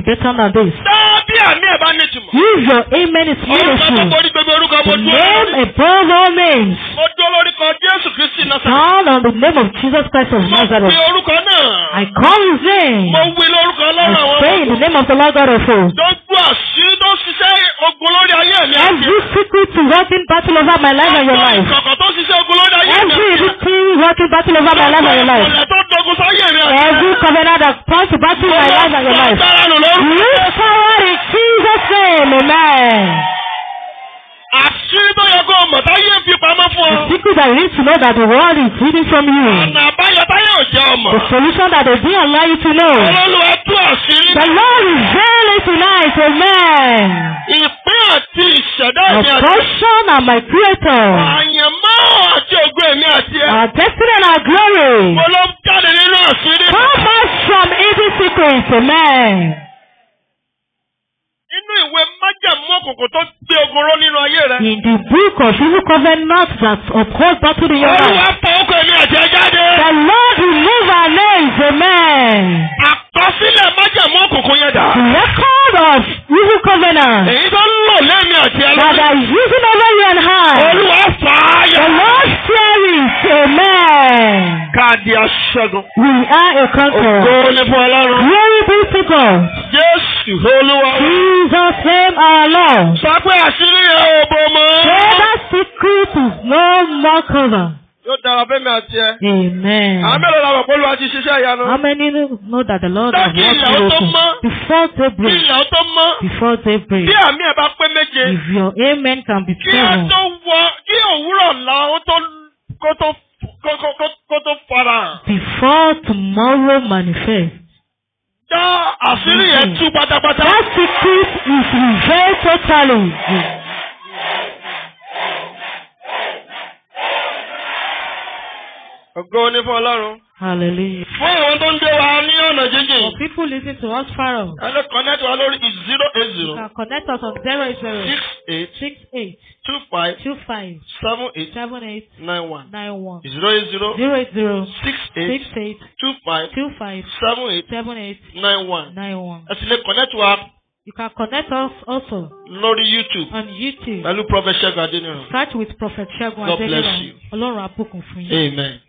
better than this. Use your amen is meaningful.
Orúkọ Name above all names. Call on
the name of Jesus Christ of Nazareth.
I
call his name. I
pray in the name of the Lord God of hosts.
Every secret working battle over my life and your life. Ọkọ̀
Every
working battle over my life and your life.
Every covenant
that points to battle
my life and your life. that you need to know that the world is hidden from you. Ọ̀nà
àbáyọ táyà ò jẹ́ ọmọ. The solution
that they didn't allow you to know. Olúwa tú àṣírí. The Lord is very tonight, amen.
Ìpín àti ìṣẹ̀dá mi àti. My portion
and my creator.
Àyànmọ́ àti ògo èmi àti ẹ. Our destiny and our glory. Mo ló ń jáde nínú àṣírí. Come out from
easy secrets,
amen.
òkùnkùn tó gbé ogun ró nínú ayé rẹ. In
the book of evil covenant that uphold battle in your life. Olúwa
pọ̀
òkú èmi àti ẹ jáde. The Lord will move our names, amen. Kọsílẹ̀ májàmú òkùnkùn yẹn dà. Record of evil covenant. Èyí tó ń lò lẹ́mí àti ẹlẹ́mí. That are using over you and her. Olúwa fàáyà. The Lord flourishes amen. Káàdì aṣẹ́gun. We are a conqueror. Ògo ni fún Ọlọ́run. Glory be to God. Jésù Olúwa. Jesus name our Lord. Sọ pé
àṣírí yẹn ò bò mọ́. Greater secret is no more cover. Yóò dára fẹ́mi àti ẹ. Amen. Àwọn la mọ̀ pé Olúwa ti ṣiṣẹ́ ìyanu? How many know that the Lord has worked miracles? Before daybreak. Kí ìyàwó tó
mọ́. Before
daybreak. Bí àmì ẹ̀ bá pé méje. If your amen can be seven. Kí ẹ
tó wọ kí òwúrọ̀ la ó tó kó tó kó tó fara.
Before tomorrow manifest.
Dá àṣírí
yẹn
tú pátápátá. That secret is revealed totally. Ògo fún Ọlọ́run. Hallelujah. Fún àwọn tó ń gbé wa ní ọ̀nà jíjìn. For people listening to us far off.
Ẹ lè connect wa lórí
zero eight zero. You can connect us on zero eight zero. Six
eight. Six eight. Two five. Two five. Seven eight. Seven eight. Nine one.
Nine one. Zero eight zero. Zero eight zero. Six eight. Six eight. Two five. Two five. Seven eight.
Seven eight. Nine one. Nine one. Ẹ sì lè connect wa.
You can connect us also.
Lórí YouTube. On
YouTube. Pẹ̀lú Prophet Ṣẹ́gun Adéníran. Search with
Prophet Ṣẹ́gun Adéníran. God bless you. Ọlọ́run á fún yín.
Amen.